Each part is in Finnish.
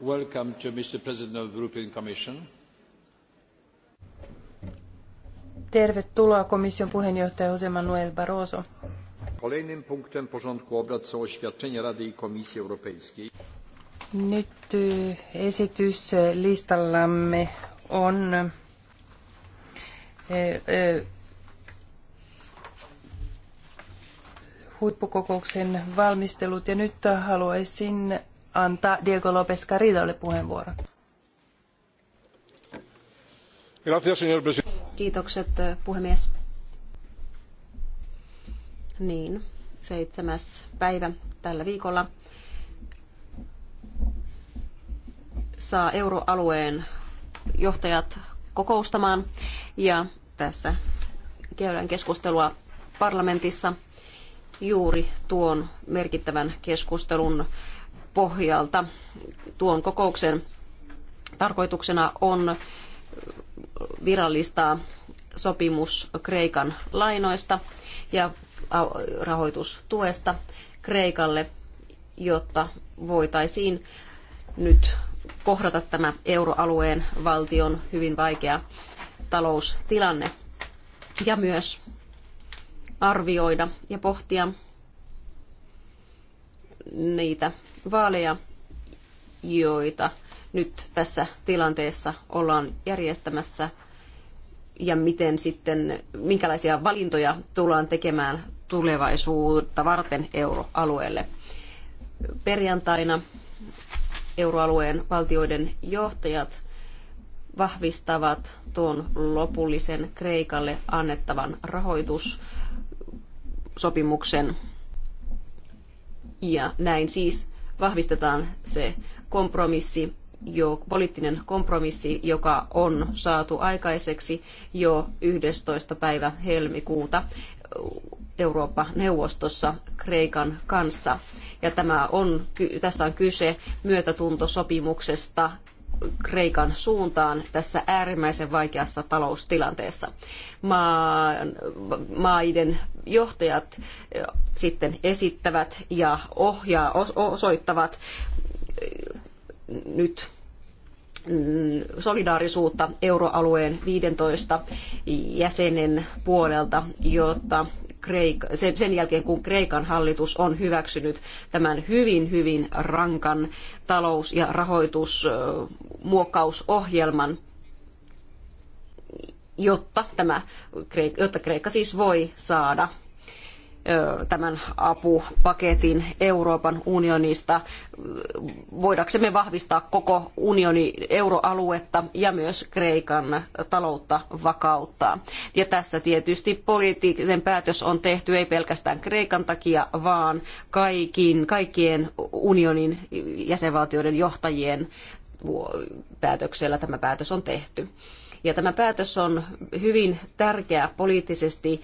Welcome to Mr. President of the European Commission. Tervetuloa komission puheenjohtaja Jose Manuel Barroso. Kolejnym punktem porządku obrad są oświadczenia Rady i Komisji Europejskiej. Nyt esityslistallamme on huippukokouksen valmistelut ja nyt haluaisin antaa Diego López Garridolle puheenvuoron. Kiitokset eh, puhemies. Niin, seitsemäs päivä tällä viikolla saa euroalueen johtajat kokoustamaan ja tässä käydään keskustelua parlamentissa juuri tuon merkittävän keskustelun pohjalta. Tuon kokouksen tarkoituksena on virallistaa sopimus Kreikan lainoista ja rahoitustuesta Kreikalle, jotta voitaisiin nyt kohdata tämä euroalueen valtion hyvin vaikea taloustilanne ja myös arvioida ja pohtia niitä vaaleja, joita nyt tässä tilanteessa ollaan järjestämässä ja miten sitten, minkälaisia valintoja tullaan tekemään tulevaisuutta varten euroalueelle. Perjantaina euroalueen valtioiden johtajat vahvistavat tuon lopullisen Kreikalle annettavan rahoitussopimuksen. Ja näin siis vahvistetaan se kompromissi, jo, poliittinen kompromissi, joka on saatu aikaiseksi jo 11. päivä helmikuuta Eurooppa-neuvostossa Kreikan kanssa. Ja tämä on, tässä on kyse myötätuntosopimuksesta Kreikan suuntaan tässä äärimmäisen vaikeassa taloustilanteessa. Maa, maiden johtajat sitten esittävät ja ohjaa, osoittavat nyt mm, solidaarisuutta euroalueen 15 jäsenen puolelta, jotta sen jälkeen, kun Kreikan hallitus on hyväksynyt tämän hyvin, hyvin rankan talous- ja rahoitusmuokkausohjelman, jotta, tämä, jotta Kreikka siis voi saada tämän apupaketin Euroopan unionista, voidaksemme vahvistaa koko unioni euroaluetta ja myös Kreikan taloutta vakauttaa. Ja tässä tietysti poliittinen päätös on tehty ei pelkästään Kreikan takia, vaan kaikin, kaikkien unionin jäsenvaltioiden johtajien päätöksellä tämä päätös on tehty. Ja tämä päätös on hyvin tärkeä poliittisesti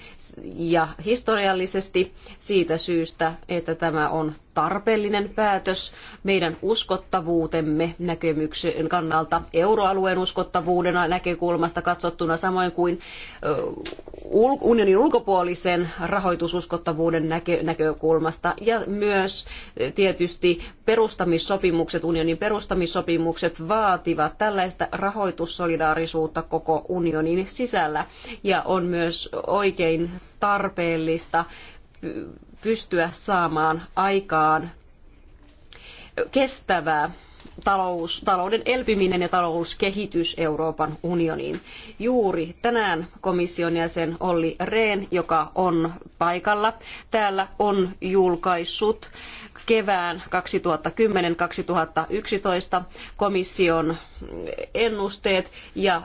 ja historiallisesti siitä syystä, että tämä on tarpeellinen päätös meidän uskottavuutemme näkemyksen kannalta, euroalueen uskottavuuden näkökulmasta katsottuna, samoin kuin unionin ulkopuolisen rahoitususkottavuuden näkökulmasta ja myös tietysti perustamissopimukset, unionin perustamissopimukset vaativat tällaista rahoitussolidaarisuutta koko unionin sisällä ja on myös oikein tarpeellista pystyä saamaan aikaan kestävää talous, talouden elpiminen ja talouskehitys Euroopan unioniin. Juuri tänään komission jäsen Olli Rehn, joka on paikalla täällä, on julkaissut kevään 2010-2011 komission ennusteet ja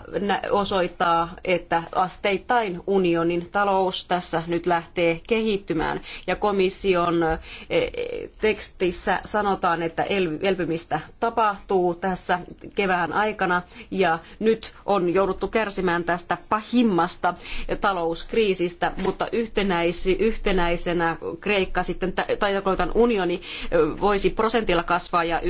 osoittaa, että asteittain unionin talous tässä nyt lähtee kehittymään. Ja komission e, e, tekstissä sanotaan, että elpymistä tapahtuu tässä kevään aikana ja nyt on jouduttu kärsimään tästä pahimmasta talouskriisistä, mutta yhtenäisi, yhtenäisenä Kreikka sitten, tai unioni e, voisi prosentilla kasvaa ja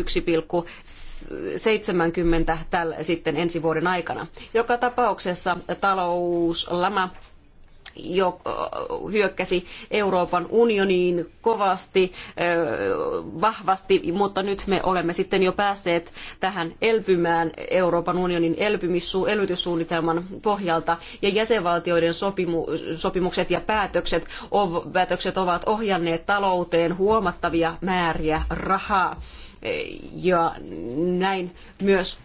seitsemänkymmentä tällä, sitten ensi vuoden aikana. Joka tapauksessa talouslama jo hyökkäsi Euroopan unioniin kovasti, vahvasti, mutta nyt me olemme sitten jo päässeet tähän elpymään Euroopan unionin elpymissu- elvytyssuunnitelman pohjalta, ja jäsenvaltioiden sopimukset ja päätökset, päätökset ovat ohjanneet talouteen huomattavia määriä rahaa ja näin myös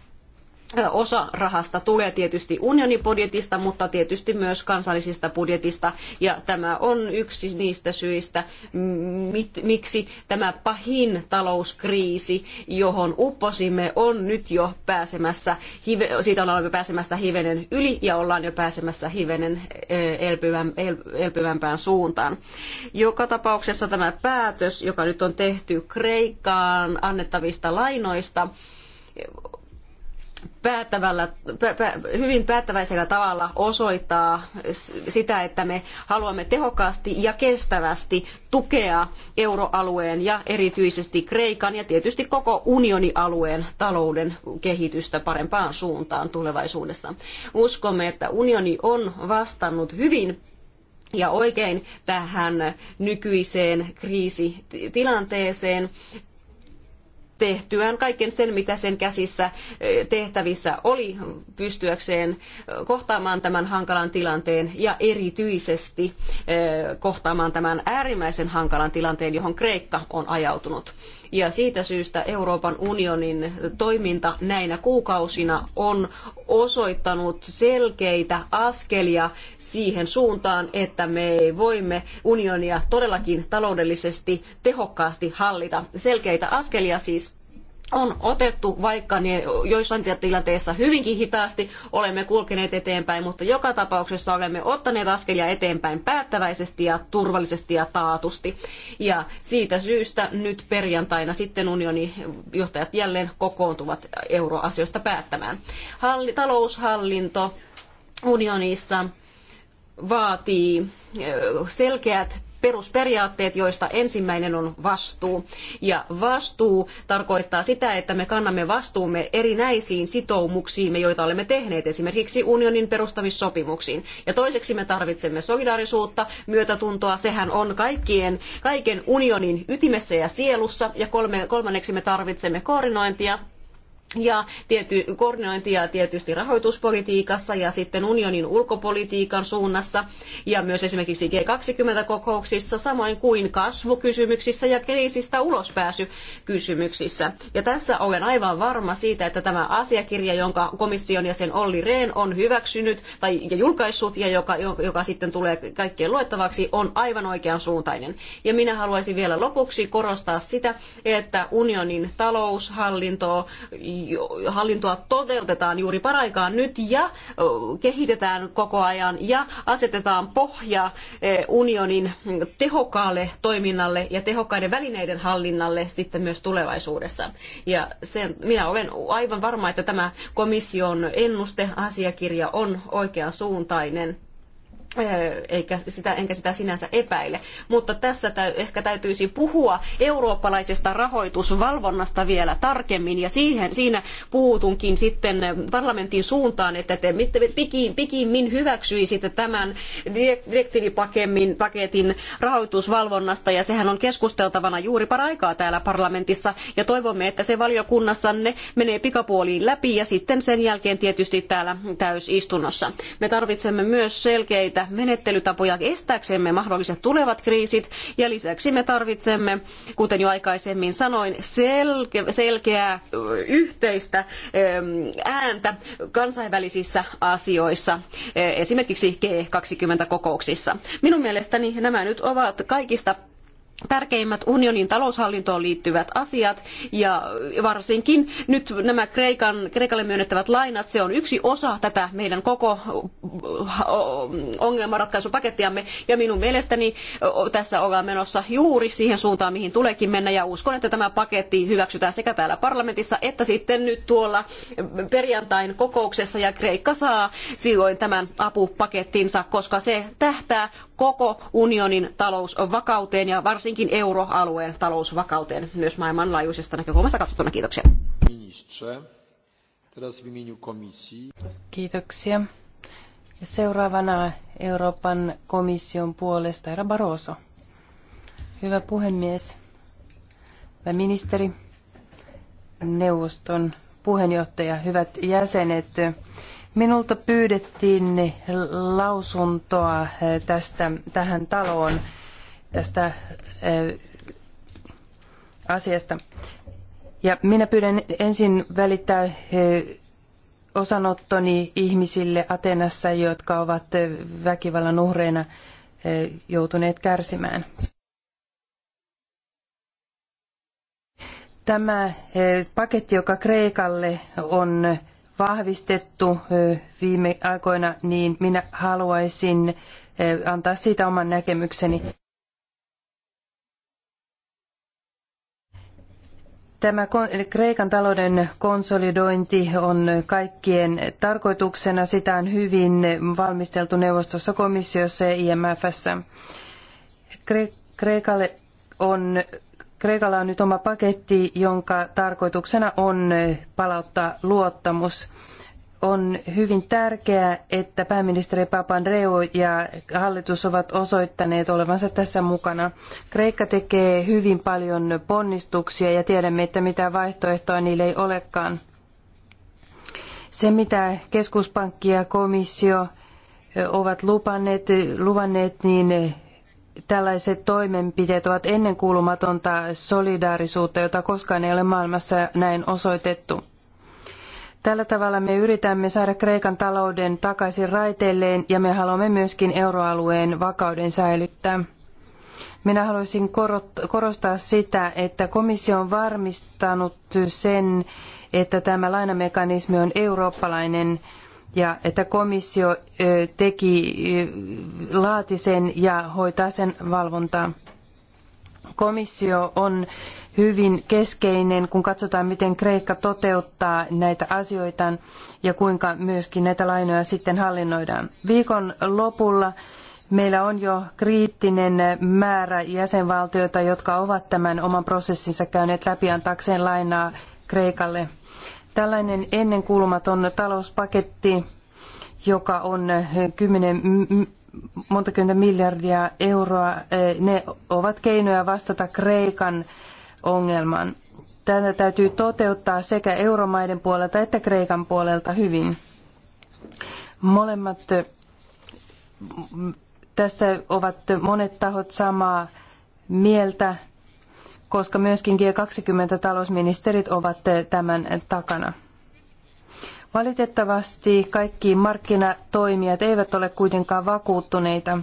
Osa rahasta tulee tietysti unionin budjetista, mutta tietysti myös kansallisista budjetista. Ja tämä on yksi niistä syistä, miksi tämä pahin talouskriisi, johon upposimme, on nyt jo pääsemässä, siitä ollaan jo pääsemässä hivenen yli ja ollaan jo pääsemässä hivenen e, elpyvämpään suuntaan. Joka tapauksessa tämä päätös, joka nyt on tehty Kreikkaan annettavista lainoista, päättävällä, hyvin päättäväisellä tavalla osoittaa sitä, että me haluamme tehokkaasti ja kestävästi tukea euroalueen ja erityisesti Kreikan ja tietysti koko unionialueen talouden kehitystä parempaan suuntaan tulevaisuudessa. Uskomme, että unioni on vastannut hyvin ja oikein tähän nykyiseen kriisitilanteeseen tehtyään kaiken sen, mitä sen käsissä e, tehtävissä oli pystyäkseen kohtaamaan tämän hankalan tilanteen ja erityisesti e, kohtaamaan tämän äärimmäisen hankalan tilanteen, johon Kreikka on ajautunut. Ja siitä syystä Euroopan unionin toiminta näinä kuukausina on osoittanut selkeitä askelia siihen suuntaan, että me voimme unionia todellakin taloudellisesti tehokkaasti hallita. Selkeitä askelia siis on otettu, vaikka ne joissain tilanteissa hyvinkin hitaasti olemme kulkeneet eteenpäin, mutta joka tapauksessa olemme ottaneet askelia eteenpäin päättäväisesti ja turvallisesti ja taatusti. Ja siitä syystä nyt perjantaina sitten unionin johtajat jälleen kokoontuvat euroasioista päättämään. Halli, taloushallinto unionissa vaatii selkeät perusperiaatteet, joista ensimmäinen on vastuu. Ja vastuu tarkoittaa sitä, että me kannamme vastuumme erinäisiin sitoumuksiimme, joita olemme tehneet esimerkiksi unionin perustamissopimuksiin. Ja toiseksi me tarvitsemme solidaarisuutta, myötätuntoa, sehän on kaikkien, kaiken unionin ytimessä ja sielussa. Ja kolme, kolmanneksi me tarvitsemme koordinointia ja tiety, koordinointia tietysti rahoituspolitiikassa ja sitten unionin ulkopolitiikan suunnassa ja myös esimerkiksi G20-kokouksissa, samoin kuin kasvukysymyksissä ja kriisistä ulospääsykysymyksissä. Ja tässä olen aivan varma siitä, että tämä asiakirja, jonka komission jäsen Olli Rehn on hyväksynyt tai ja julkaissut ja joka, joka sitten tulee kaikkien luettavaksi, on aivan oikean suuntainen. Ja minä haluaisin vielä lopuksi korostaa sitä, että unionin taloushallinto hallintoa toteutetaan juuri paraikaan nyt ja kehitetään koko ajan ja asetetaan pohja unionin tehokkaalle toiminnalle ja tehokkaiden välineiden hallinnalle sitten myös tulevaisuudessa. Ja sen, minä olen aivan varma, että tämä komission ennusteasiakirja on suuntainen eikä sitä, enkä sitä sinänsä epäile. Mutta tässä täy, ehkä täytyisi puhua eurooppalaisesta rahoitusvalvonnasta vielä tarkemmin, ja siihen, siinä puutunkin sitten parlamentin suuntaan, että te pikin, pikimmin hyväksyisitte tämän direktiivipaketin rahoitusvalvonnasta, ja sehän on keskusteltavana juuri paraikaa täällä parlamentissa, ja toivomme, että se valiokunnassanne menee pikapuoliin läpi, ja sitten sen jälkeen tietysti täällä täysistunnossa. Me tarvitsemme myös selkeitä näitä menettelytapoja estääksemme mahdolliset tulevat kriisit ja lisäksi me tarvitsemme, kuten jo aikaisemmin sanoin, selkeää yhteistä ääntä kansainvälisissä asioissa, e, esimerkiksi G20-kokouksissa. Minun mielestäni nämä nyt ovat kaikista tärkeimmät unionin taloushallintoon liittyvät asiat ja varsinkin nyt nämä Kreikan, Kreikalle myönnettävät lainat, se on yksi osa tätä meidän koko ongelmanratkaisupakettiamme ja minun mielestäni tässä ollaan menossa juuri siihen suuntaan, mihin tuleekin mennä ja uskon, että tämä paketti hyväksytään sekä täällä parlamentissa että sitten nyt tuolla perjantain kokouksessa ja Kreikka saa silloin tämän apupakettinsa, koska se tähtää koko unionin talousvakauteen ja varsinkin euroalueen talousvakauteen myös maailmanlaajuisesta näkökulmasta katsottuna. Kiitoksia. Kiitoksia. Ja seuraavana Euroopan komission puolesta herra Barroso. Hyvä puhemies, hyvä ministeri, neuvoston puheenjohtaja, hyvät jäsenet. Minulta pyydettiin lausuntoa eh, tästä, tähän taloon tästä eh, asiasta. Ja minä pyydän ensin välittää eh, osanottoni ihmisille Atenassa, jotka ovat väkivallan uhreina joutuneet kärsimään. Tämä paketti, joka Kreikalle on vahvistettu viime aikoina, niin minä haluaisin antaa siitä oman näkemykseni. Tämä Kreikan talouden konsolidointi on kaikkien tarkoituksena. Sitä on hyvin valmisteltu neuvostossa, komissiossa ja IMFssä. Kreikalle on Kreikalla on nyt oma paketti, jonka tarkoituksena on palauttaa luottamus. On hyvin tärkeää, että pääministeri Papandreou ja hallitus ovat osoittaneet olevansa tässä mukana. Kreikka tekee hyvin paljon ponnistuksia ja tiedämme, että mitä vaihtoehtoa niille ei olekaan. Se, mitä keskuspankki ja komissio ovat lupanneet, luvanneet, niin tällaiset toimenpiteet ovat ennenkuulumatonta solidaarisuutta, jota koskaan ei ole maailmassa näin osoitettu. Tällä tavalla me yritämme saada Kreikan talouden takaisin raiteilleen ja me haluamme myöskin euroalueen vakauden säilyttää. Minä haluaisin korostaa sitä, että komissio on varmistanut sen, että tämä lainamekanismi on eurooppalainen ja että komissio teki, laati sen ja hoitaa sen valvontaa. Komissio on hyvin keskeinen, kun katsotaan, miten Kreikka toteuttaa näitä asioita ja kuinka myöskin näitä lainoja sitten hallinnoidaan. Viikon lopulla meillä on jo kriittinen määrä jäsenvaltioita, jotka ovat tämän oman prosessinsa käyneet läpi antaakseen lainaa Kreikalle – Tällainen ennenkuulumaton talouspaketti, joka on 10 eh, montakymmentä miljardia euroa, eh, ne ovat keinoja vastata Kreikan ongelmaan. Tätä täytyy toteuttaa sekä euromaiden puolelta että Kreikan puolelta hyvin. Molemmat eh, tässä ovat monet tahot samaa mieltä koska myöskin G20-talousministerit ovat tämän takana. Valitettavasti kaikki markkinatoimijat eivät ole kuitenkaan vakuuttuneita.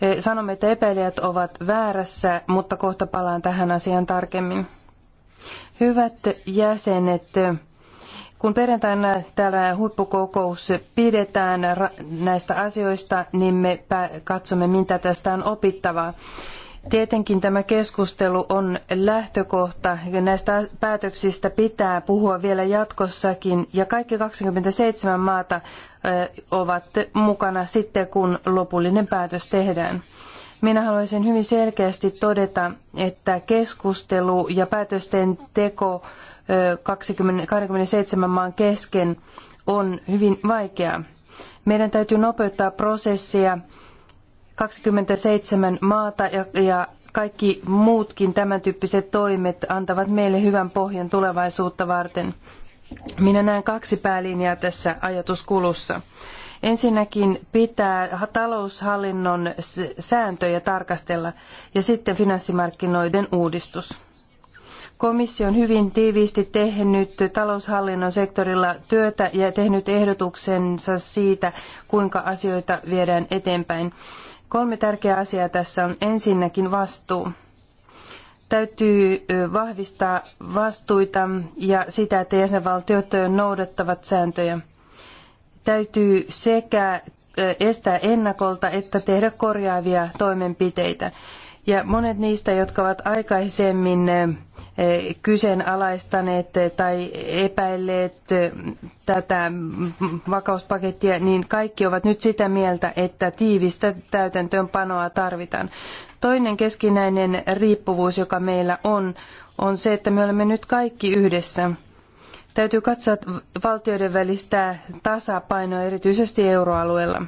E, sanomme, että epäilijät ovat väärässä, mutta kohta palaan tähän asiaan tarkemmin. Hyvät jäsenet, kun perjantaina täällä huippukokous pidetään näistä asioista, niin me katsomme, mitä tästä on opittavaa. Tietenkin tämä keskustelu on lähtökohta ja näistä päätöksistä pitää puhua vielä jatkossakin ja kaikki 27 maata ovat mukana sitten, kun lopullinen päätös tehdään. Minä haluaisin hyvin selkeästi todeta, että keskustelu ja päätösten teko 27 maan kesken on hyvin vaikeaa. Meidän täytyy nopeuttaa prosessia 27 maata ja, kaikki muutkin tämän tyyppiset toimet antavat meille hyvän pohjan tulevaisuutta varten. Minä näen kaksi päälinjaa tässä ajatuskulussa. Ensinnäkin pitää taloushallinnon sääntöjä tarkastella ja sitten finanssimarkkinoiden uudistus. Komissio on hyvin tiiviisti tehnyt taloushallinnon sektorilla työtä ja tehnyt ehdotuksensa siitä, kuinka asioita viedään eteenpäin. Kolme tärkeää asiaa tässä on ensinnäkin vastuu. Täytyy vahvistaa vastuita ja sitä, että jäsenvaltiot noudattavat sääntöjä. Täytyy sekä estää ennakolta että tehdä korjaavia toimenpiteitä. Ja monet niistä, jotka ovat aikaisemmin kyseenalaistaneet tai epäilleet tätä vakauspakettia, niin kaikki ovat nyt sitä mieltä, että tiivistä täytäntöönpanoa tarvitaan. Toinen keskinäinen riippuvuus, joka meillä on, on se, että me olemme nyt kaikki yhdessä. Täytyy katsoa valtioiden välistä tasapainoa erityisesti euroalueella.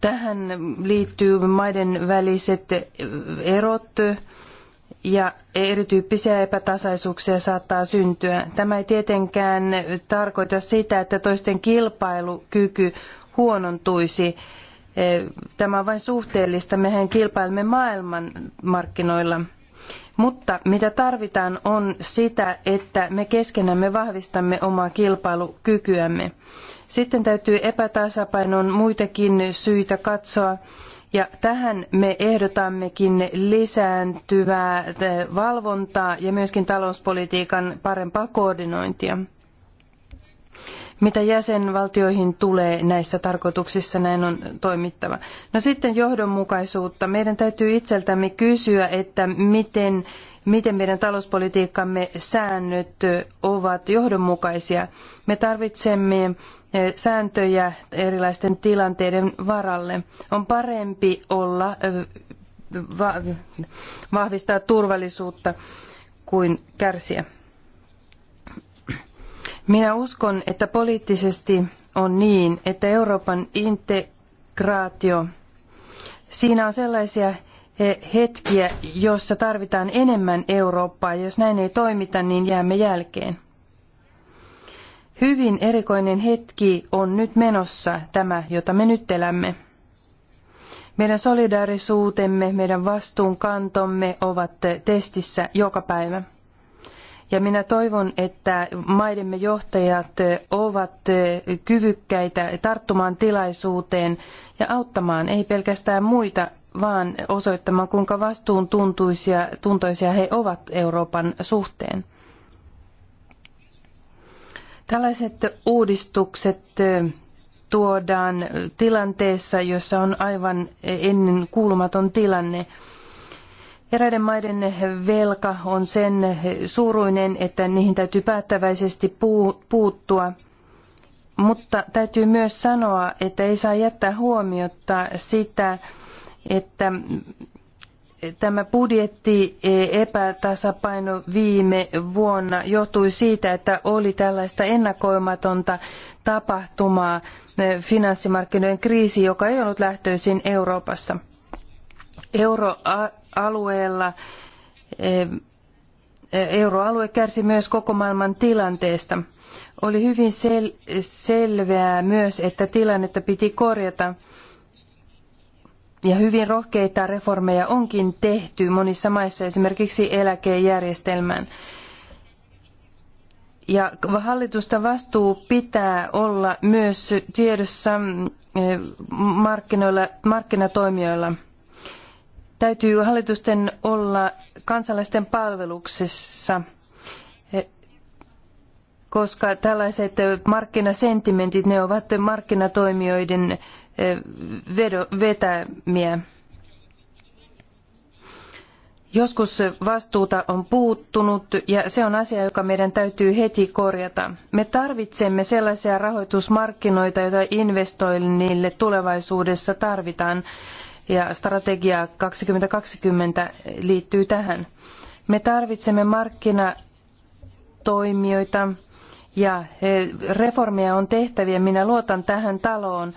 Tähän liittyy maiden väliset erot, ja erityyppisiä epätasaisuuksia saattaa syntyä. Tämä ei tietenkään tarkoita sitä, että toisten kilpailukyky huonontuisi. E, tämä on vain suhteellista. Mehän kilpailemme markkinoilla. Mutta mitä tarvitaan on sitä, että me keskenämme vahvistamme omaa kilpailukykyämme. Sitten täytyy epätasapainon muitakin syitä katsoa. Ja tähän me ehdotammekin lisääntyvää valvontaa ja myöskin talouspolitiikan parempaa koordinointia. Mitä jäsenvaltioihin tulee näissä tarkoituksissa, näin on toimittava. No sitten johdonmukaisuutta. Meidän täytyy itseltämme kysyä, että miten, miten meidän talouspolitiikkamme säännöt ovat johdonmukaisia. Me tarvitsemme sääntöjä erilaisten tilanteiden varalle. On parempi olla vahvistaa turvallisuutta kuin kärsiä. Minä uskon, että poliittisesti on niin, että Euroopan integraatio, siinä on sellaisia hetkiä, jossa tarvitaan enemmän Eurooppaa. Jos näin ei toimita, niin jäämme jälkeen. Hyvin erikoinen hetki on nyt menossa tämä, jota me nyt elämme. Meidän solidaarisuutemme, meidän vastuunkantomme ovat testissä joka päivä. Ja minä toivon, että maidemme johtajat ovat kyvykkäitä tarttumaan tilaisuuteen ja auttamaan ei pelkästään muita, vaan osoittamaan, kuinka vastuuntuntoisia tuntoisia he ovat Euroopan suhteen. Tällaiset uudistukset tuodaan tilanteessa, jossa on aivan ennen kuulumaton tilanne. Eräiden maiden velka on sen suuruinen, että niihin täytyy päättäväisesti puuttua. Mutta täytyy myös sanoa, että ei saa jättää huomiota sitä, että tämä budjetti e, epätasapaino viime vuonna johtui siitä, että oli tällaista ennakoimatonta tapahtumaa, e, finanssimarkkinoiden kriisi, joka ei ollut lähtöisin Euroopassa. Euroalueella e, Euroalue kärsi myös koko maailman tilanteesta. Oli hyvin sel- selvää myös, että tilannetta piti korjata ja hyvin rohkeita reformeja onkin tehty monissa maissa, esimerkiksi eläkejärjestelmään. Ja hallitusta vastuu pitää olla myös tiedossa mm, markkinoilla, markkinatoimijoilla. Täytyy hallitusten olla kansalaisten palveluksessa, koska tällaiset markkinasentimentit, ne ovat markkinatoimijoiden vetämiä. Joskus vastuuta on puuttunut ja se on asia, joka meidän täytyy heti korjata. Me tarvitsemme sellaisia rahoitusmarkkinoita, joita investoinnille tulevaisuudessa tarvitaan ja strategia 2020 liittyy tähän. Me tarvitsemme markkinatoimijoita ja e, reformia on tehtäviä. Minä luotan tähän taloon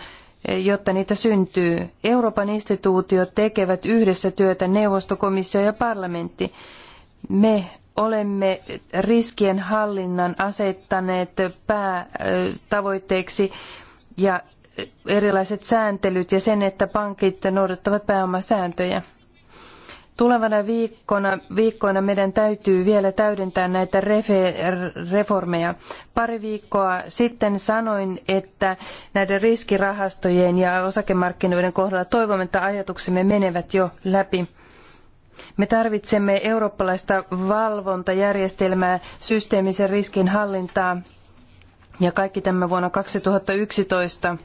jotta niitä syntyy. Euroopan instituutiot tekevät yhdessä työtä neuvosto, komissio ja parlamentti. Me olemme riskien hallinnan asettaneet päätavoitteeksi ja erilaiset sääntelyt ja sen, että pankit noudattavat pääomasääntöjä. Tulevana viikkona, viikkoina meidän täytyy vielä täydentää näitä refe, reformeja. Pari viikkoa sitten sanoin, että näiden riskirahastojen ja osakemarkkinoiden kohdalla toivomme, että ajatuksemme menevät jo läpi. Me tarvitsemme eurooppalaista valvontajärjestelmää, systeemisen riskin hallintaa ja kaikki tämä vuonna 2011.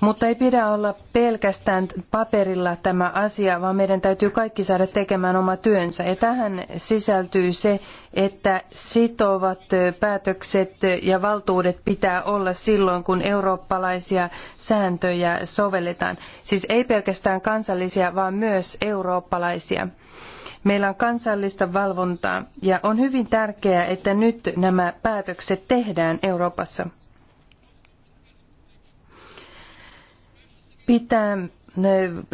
Mutta ei pidä olla pelkästään paperilla tämä asia, vaan meidän täytyy kaikki saada tekemään oma työnsä. Ja tähän sisältyy se, että sitovat päätökset ja valtuudet pitää olla silloin, kun eurooppalaisia sääntöjä sovelletaan. Siis ei pelkästään kansallisia, vaan myös eurooppalaisia. Meillä on kansallista valvontaa ja on hyvin tärkeää, että nyt nämä päätökset tehdään Euroopassa. pitää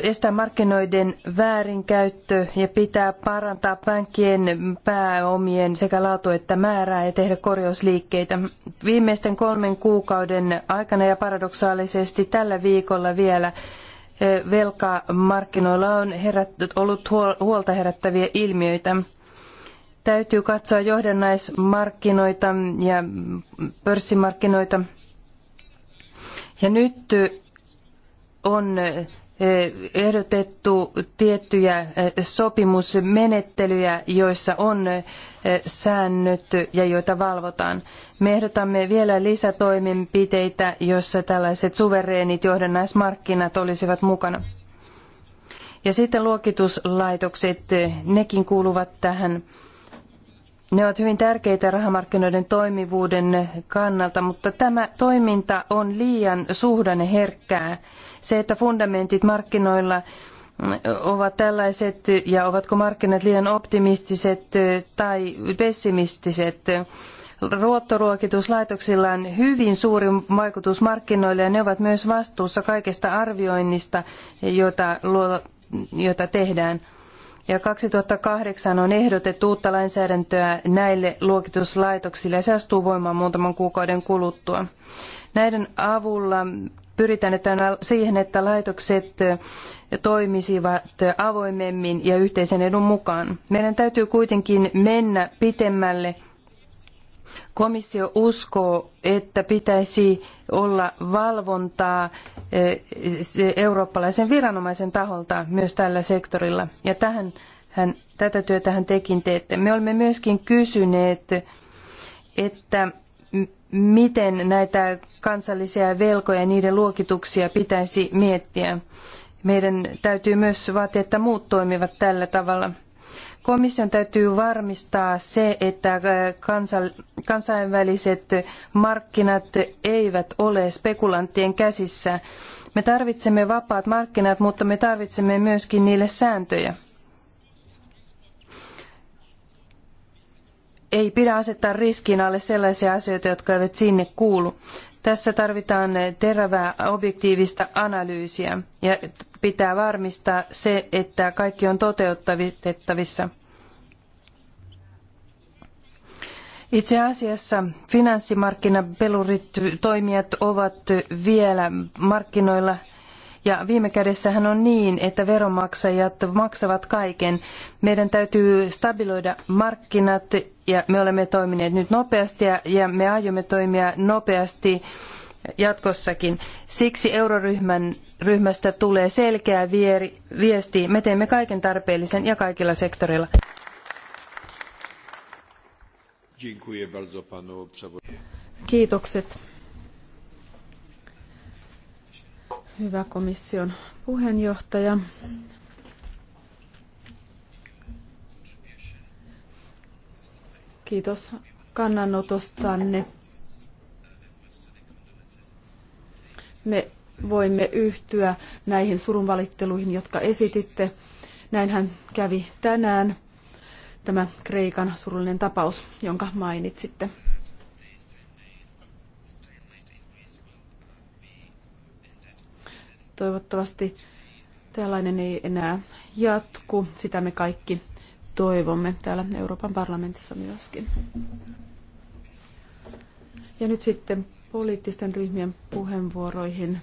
estää markkinoiden väärinkäyttö ja pitää parantaa pankkien pääomien sekä laatu että määrää ja tehdä korjausliikkeitä. Viimeisten kolmen kuukauden aikana ja paradoksaalisesti tällä viikolla vielä eh, velkamarkkinoilla on herätty, ollut huolta herättäviä ilmiöitä. Täytyy katsoa johdannaismarkkinoita ja pörssimarkkinoita. Ja nyt on ehdotettu tiettyjä sopimusmenettelyjä, joissa on säännöt ja joita valvotaan. Me ehdotamme vielä lisätoimenpiteitä, joissa tällaiset suvereenit johdannaismarkkinat olisivat mukana. Ja sitten luokituslaitokset, nekin kuuluvat tähän. Ne ovat hyvin tärkeitä rahamarkkinoiden toimivuuden kannalta, mutta tämä toiminta on liian suhdanneherkkää. herkkää se, että fundamentit markkinoilla ovat tällaiset ja ovatko markkinat liian optimistiset tai pessimistiset. Ruottoruokituslaitoksilla on hyvin suuri vaikutus markkinoille ja ne ovat myös vastuussa kaikesta arvioinnista, jota, jota tehdään. Ja 2008 on ehdotettu uutta lainsäädäntöä näille luokituslaitoksille ja se astuu voimaan muutaman kuukauden kuluttua. Näiden avulla pyritään että siihen, että laitokset toimisivat avoimemmin ja yhteisen edun mukaan. Meidän täytyy kuitenkin mennä pitemmälle. Komissio uskoo, että pitäisi olla valvontaa eurooppalaisen viranomaisen taholta myös tällä sektorilla. Ja tähän, tätä työtä hän tekin teette. Me olemme myöskin kysyneet, että miten näitä kansallisia velkoja ja niiden luokituksia pitäisi miettiä. Meidän täytyy myös vaatia, että muut toimivat tällä tavalla. Komission täytyy varmistaa se, että äh, kansainväliset markkinat eivät ole spekulanttien käsissä. Me tarvitsemme vapaat markkinat, mutta me tarvitsemme myöskin niille sääntöjä. ei pidä asettaa riskiin alle sellaisia asioita, jotka eivät sinne kuulu. Tässä tarvitaan terävää objektiivista analyysiä ja pitää varmistaa se, että kaikki on toteutettavissa. Itse asiassa finanssimarkkinapelurit toimijat ovat vielä markkinoilla – ja viime kädessähän on niin, että veronmaksajat maksavat kaiken. Meidän täytyy stabiloida markkinat ja me olemme toimineet nyt nopeasti ja, ja me aiomme toimia nopeasti jatkossakin. Siksi euroryhmän ryhmästä tulee selkeä vieri, viesti. Me teemme kaiken tarpeellisen ja kaikilla sektoreilla. Kiitokset Hyvä komission puheenjohtaja. Kiitos kannanotostanne. Me voimme yhtyä näihin surunvalitteluihin, jotka esititte. Näinhän kävi tänään tämä Kreikan surullinen tapaus, jonka mainitsitte. Toivottavasti tällainen ei enää jatku. Sitä me kaikki toivomme täällä Euroopan parlamentissa myöskin. Ja nyt sitten poliittisten ryhmien puheenvuoroihin.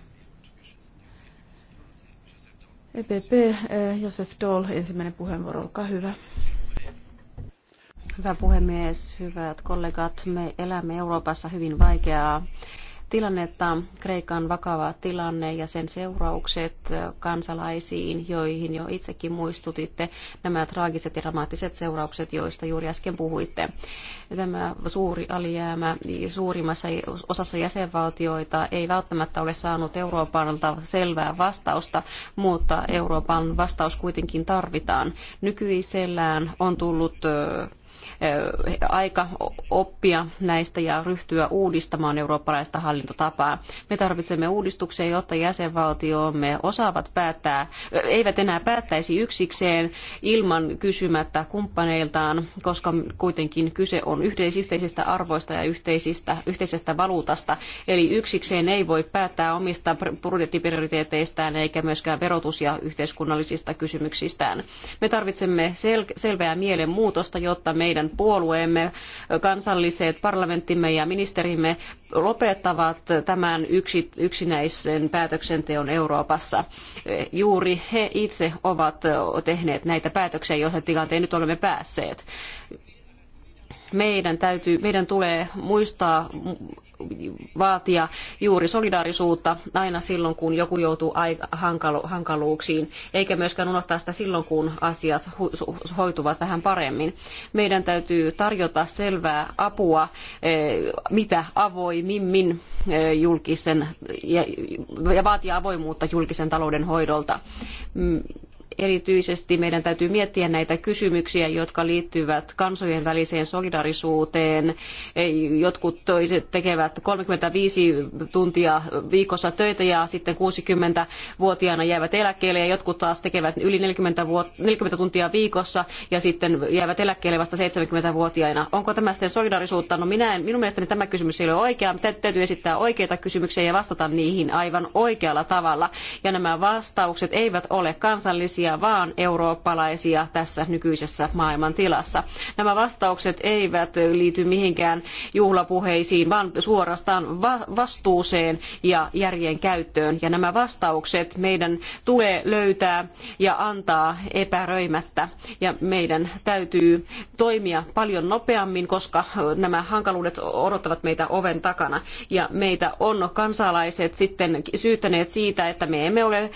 EPP, eh, Josef Dahl, ensimmäinen puheenvuoro, olkaa hyvä. Hyvä puhemies, hyvät kollegat, me elämme Euroopassa hyvin vaikeaa tilannetta, Kreikan vakava tilanne ja sen seuraukset kansalaisiin, joihin jo itsekin muistutitte, nämä traagiset ja dramaattiset seuraukset, joista juuri äsken puhuitte. Tämä suuri alijäämä suurimmassa osassa jäsenvaltioita ei välttämättä ole saanut Euroopalta selvää vastausta, mutta Euroopan vastaus kuitenkin tarvitaan. Nykyisellään on tullut aika oppia näistä ja ryhtyä uudistamaan eurooppalaista hallintotapaa. Me tarvitsemme uudistuksia, jotta jäsenvaltiomme osaavat päättää, eivät enää päättäisi yksikseen ilman kysymättä kumppaneiltaan, koska kuitenkin kyse on yhteisistä arvoista ja yhteisistä, yhteisestä valuutasta. Eli yksikseen ei voi päättää omista budjettiprioriteeteistaan eikä myöskään verotus- ja yhteiskunnallisista kysymyksistään. Me tarvitsemme sel- mielenmuutosta, jotta me meidän puolueemme, kansalliset parlamenttimme ja ministerimme lopettavat tämän yksinäisen päätöksenteon Euroopassa. Juuri he itse ovat tehneet näitä päätöksiä, joihin tilanteen nyt olemme päässeet meidän, täytyy, meidän tulee muistaa vaatia juuri solidaarisuutta aina silloin, kun joku joutuu hankaluuksiin, eikä myöskään unohtaa sitä silloin, kun asiat hoituvat vähän paremmin. Meidän täytyy tarjota selvää apua, eh, mitä avoimimmin eh, julkisen ja vaatia avoimuutta julkisen talouden hoidolta mm, erityisesti meidän täytyy miettiä näitä kysymyksiä, jotka liittyvät kansojen väliseen solidarisuuteen. Jotkut toiset tekevät 35 tuntia viikossa töitä ja sitten 60-vuotiaana jäävät eläkkeelle ja jotkut taas tekevät yli 40, vuot- 40 tuntia viikossa ja sitten jäävät eläkkeelle vasta 70-vuotiaina. Onko tämä sitten solidarisuutta? No minä en, minun mielestäni tämä kysymys ei ole oikea. Täytyy esittää oikeita kysymyksiä ja vastata niihin aivan oikealla tavalla. Ja nämä vastaukset eivät ole kansallisia kaikkia, vaan eurooppalaisia tässä nykyisessä maailmantilassa. Nämä vastaukset eivät liity mihinkään juhlapuheisiin, vaan suorastaan va vastuuseen ja järjen käyttöön. Ja nämä vastaukset meidän tulee löytää ja antaa epäröimättä. Ja meidän täytyy toimia paljon nopeammin, koska nämä hankaluudet odottavat meitä oven takana. Ja meitä on kansalaiset sitten syyttäneet siitä, että me emme ole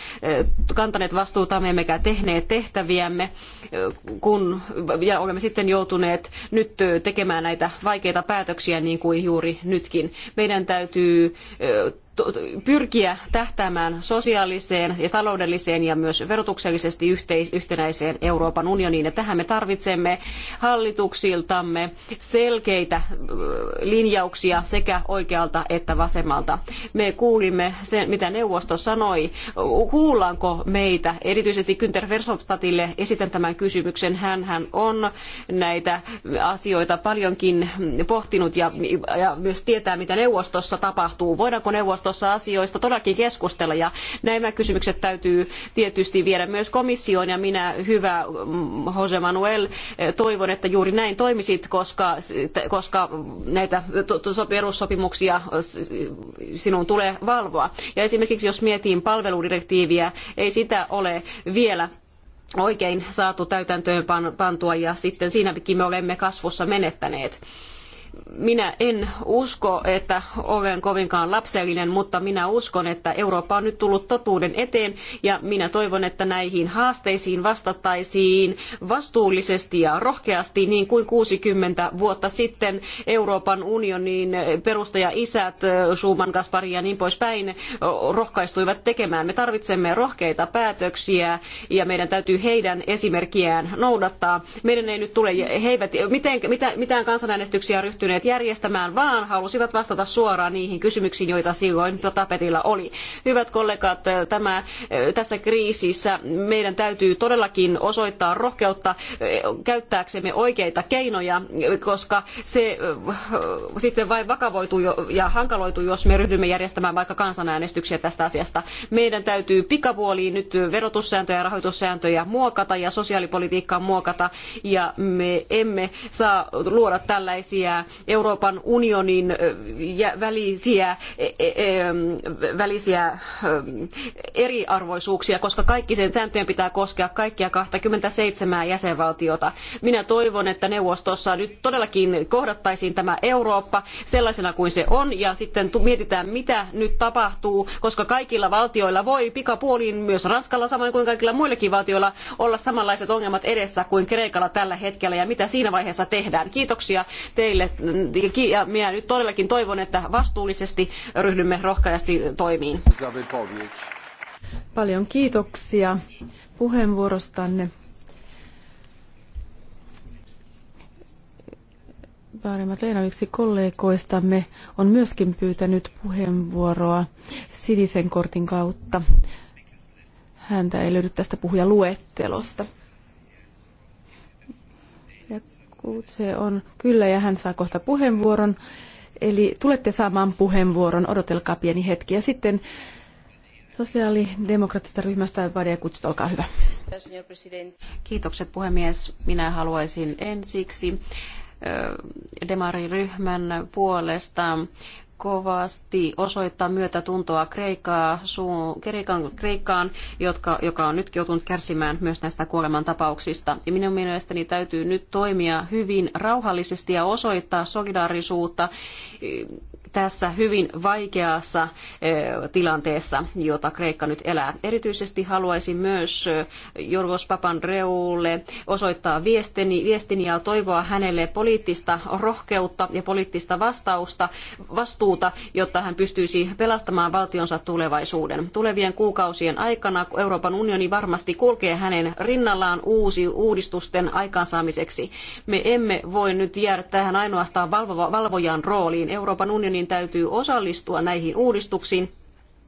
kantaneet vastuutamme emmekä tehneet tehtäviämme kun, ja olemme sitten joutuneet nyt tekemään näitä vaikeita päätöksiä niin kuin juuri nytkin. Meidän täytyy pyrkiä tähtäämään sosiaaliseen ja taloudelliseen ja myös verotuksellisesti yhtenäiseen Euroopan unioniin. Ja tähän me tarvitsemme hallituksiltamme selkeitä linjauksia sekä oikealta että vasemmalta. Me kuulimme sen, mitä neuvosto sanoi. Kuullaanko meitä? Erityisesti Günther Verhofstadtille esitän tämän kysymyksen. Hän on näitä asioita paljonkin pohtinut ja, ja myös tietää, mitä neuvostossa tapahtuu. Voidaanko neuvostossa neuvostossa asioista todellakin keskustella ja nämä kysymykset täytyy tietysti viedä myös komissioon ja minä hyvä mm, Jose Manuel eh, toivon, että juuri näin toimisit, koska, eh, koska näitä perussopimuksia eh, sinun tulee valvoa. Ja esimerkiksi jos mietin palveludirektiiviä, ei sitä ole vielä oikein saatu täytäntöön pantua ja sitten siinäkin me olemme kasvussa menettäneet minä en usko, että olen kovinkaan lapsellinen, mutta minä uskon, että Eurooppa on nyt tullut totuuden eteen ja minä toivon, että näihin haasteisiin vastattaisiin vastuullisesti ja rohkeasti niin kuin 60 vuotta sitten Euroopan unionin perustaja-isät eh, Schumann, Gaspari ja niin poispäin eh, rohkaistuivat tekemään. Me tarvitsemme rohkeita päätöksiä ja meidän täytyy heidän esimerkkiään noudattaa. Meidän ei nyt tule, he eivät, miten, mitään kansanäänestyksiä ryhtyä ryhtyneet järjestämään, vaan halusivat vastata suoraan niihin kysymyksiin, joita silloin tapetilla oli. Hyvät kollegat, eh, tämä, eh, tässä kriisissä meidän täytyy todellakin osoittaa rohkeutta eh, käyttääksemme oikeita keinoja, koska se sitten vain vakavoituu ja hankaloituu, jos me ryhdymme järjestämään vaikka kansanäänestyksiä tästä asiasta. Meidän täytyy pikapuoliin nyt verotussääntöjä ja rahoitussääntöjä muokata ja sosiaalipolitiikkaa muokata ja me emme saa luoda tällaisia Euroopan unionin välisiä, e, e, e, välisiä eriarvoisuuksia, koska kaikki sen sääntöjen pitää koskea kaikkia 27 jäsenvaltiota. Minä toivon, että neuvostossa nyt todellakin kohdattaisiin tämä Eurooppa sellaisena kuin se on ja sitten mietitään, mitä nyt tapahtuu, koska kaikilla valtioilla voi pikapuoliin, myös Ranskalla samoin kuin kaikilla muillakin valtioilla, olla samanlaiset ongelmat edessä kuin Kreikalla tällä hetkellä ja mitä siinä vaiheessa tehdään. Kiitoksia teille ja minä nyt todellakin toivon, että vastuullisesti ryhdymme rohkeasti toimiin. Paljon kiitoksia puheenvuorostanne. Baarimat Leena, yksi kollegoistamme, on myöskin pyytänyt puheenvuoroa sinisen kortin kautta. Häntä ei löydy tästä puhujaluettelosta. Ja se on kyllä ja hän saa kohta puheenvuoron. Eli tulette saamaan puheenvuoron, odotelkaa pieni hetki. Ja sitten sosiaalidemokraattista ryhmästä Vadia Kutsut, olkaa hyvä. Kiitokset puhemies. Minä haluaisin ensiksi demariryhmän puolesta kovasti osoittaa myötätuntoa Kreikkaa, suun, Kreikan, Kreikkaan, jotka, joka on nyt joutunut kärsimään myös näistä kuolemantapauksista. Ja minun mielestäni täytyy nyt toimia hyvin rauhallisesti ja osoittaa solidaarisuutta tässä hyvin vaikeassa tilanteessa, jota Kreikka nyt elää. Erityisesti haluaisin myös Jorgos Papandreoulle osoittaa viestini, viestini ja toivoa hänelle poliittista rohkeutta ja poliittista vastausta, vastuuta, jotta hän pystyisi pelastamaan valtionsa tulevaisuuden. Tulevien kuukausien aikana Euroopan unioni varmasti kulkee hänen rinnallaan uusi uudistusten aikaansaamiseksi. Me emme voi nyt jäädä tähän ainoastaan valvojan rooliin. Euroopan unionin unionin täytyy osallistua näihin uudistuksiin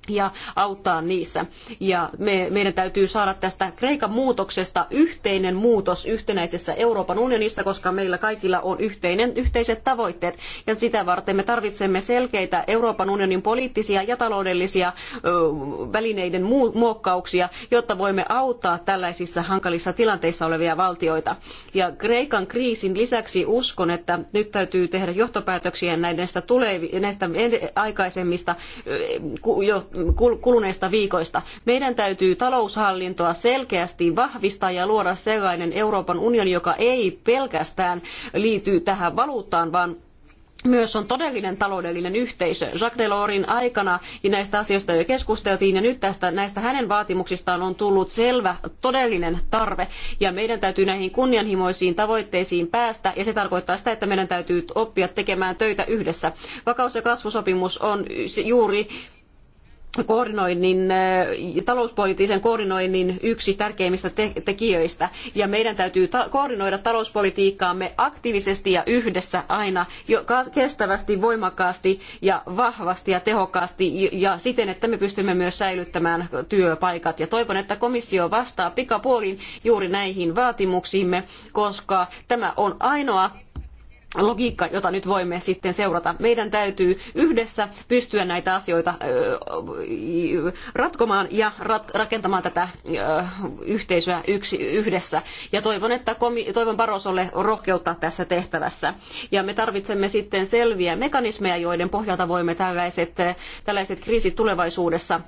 ja auttaa niissä. Ja me, meidän täytyy saada tästä Kreikan muutoksesta yhteinen muutos yhtenäisessä Euroopan unionissa, koska meillä kaikilla on yhteinen, yhteiset tavoitteet. Ja sitä varten me tarvitsemme selkeitä Euroopan unionin poliittisia ja taloudellisia ö, välineiden muokkauksia, jotta voimme auttaa tällaisissa hankalissa tilanteissa olevia valtioita. Ja Kreikan kriisin lisäksi uskon, että nyt täytyy tehdä johtopäätöksiä näistä, tulevi, näistä aikaisemmista jo, kuluneista viikoista. Meidän täytyy taloushallintoa selkeästi vahvistaa ja luoda sellainen Euroopan unioni, joka ei pelkästään liity tähän valuuttaan, vaan myös on todellinen taloudellinen yhteisö. Jacques Delorsin aikana ja näistä asioista jo keskusteltiin ja nyt tästä, näistä hänen vaatimuksistaan on tullut selvä todellinen tarve ja meidän täytyy näihin kunnianhimoisiin tavoitteisiin päästä ja se tarkoittaa sitä, että meidän täytyy oppia tekemään töitä yhdessä. Vakaus- ja kasvusopimus on juuri koordinoinnin, äh, talouspoliittisen koordinoinnin yksi tärkeimmistä tekijöistä. Ja meidän täytyy koordinoida talouspolitiikkaamme aktiivisesti ja yhdessä aina jo kestävästi, voimakkaasti ja vahvasti ja tehokkaasti ja siten, että me pystymme myös säilyttämään työpaikat. Ja toivon, että komissio vastaa pikapuolin juuri näihin vaatimuksiimme, koska tämä on ainoa logiikka, jota nyt voimme sitten seurata. Meidän täytyy yhdessä pystyä näitä asioita ratkomaan ja rakentamaan tätä yhteisöä yksi, yhdessä. Ja toivon, että komi- toivon Parosolle rohkeutta tässä tehtävässä. Ja me tarvitsemme sitten selviä mekanismeja, joiden pohjalta voimme tällaiset, tällaiset kriisit tulevaisuudessa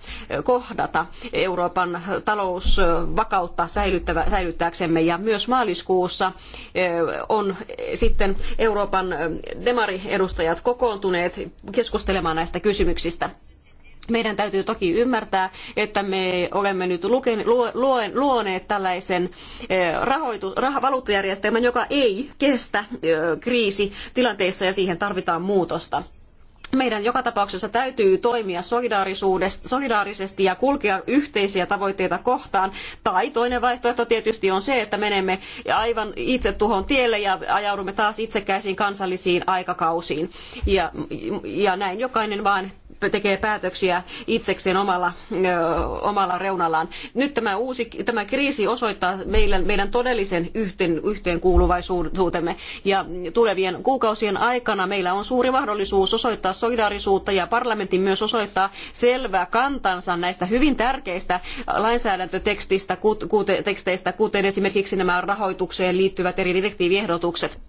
kohdata Euroopan talousvakautta säilyttääksemme. Ja myös maaliskuussa on sitten Euro- Euroopan demariedustajat kokoontuneet keskustelemaan näistä kysymyksistä. Meidän täytyy toki ymmärtää, että me olemme nyt luoneet tällaisen rahoitu, rah, valuuttajärjestelmän, joka ei kestä kriisitilanteissa ja siihen tarvitaan muutosta meidän joka tapauksessa täytyy toimia solidaarisesti ja kulkea yhteisiä tavoitteita kohtaan. Tai toinen vaihtoehto tietysti on se, että menemme aivan itse tuhon tielle ja ajaudumme taas itsekäisiin kansallisiin aikakausiin. Ja, ja näin jokainen vaan tekee päätöksiä itsekseen omalla, omalla reunallaan. Nyt tämä, uusi, tämä kriisi osoittaa meidän, meidän todellisen yhteen, yhteenkuuluvaisuutemme ja tulevien kuukausien aikana meillä on suuri mahdollisuus osoittaa solidaarisuutta ja parlamentin myös osoittaa selvää kantansa näistä hyvin tärkeistä lainsäädäntöteksteistä, kuten esimerkiksi nämä rahoitukseen liittyvät eri direktiiviehdotukset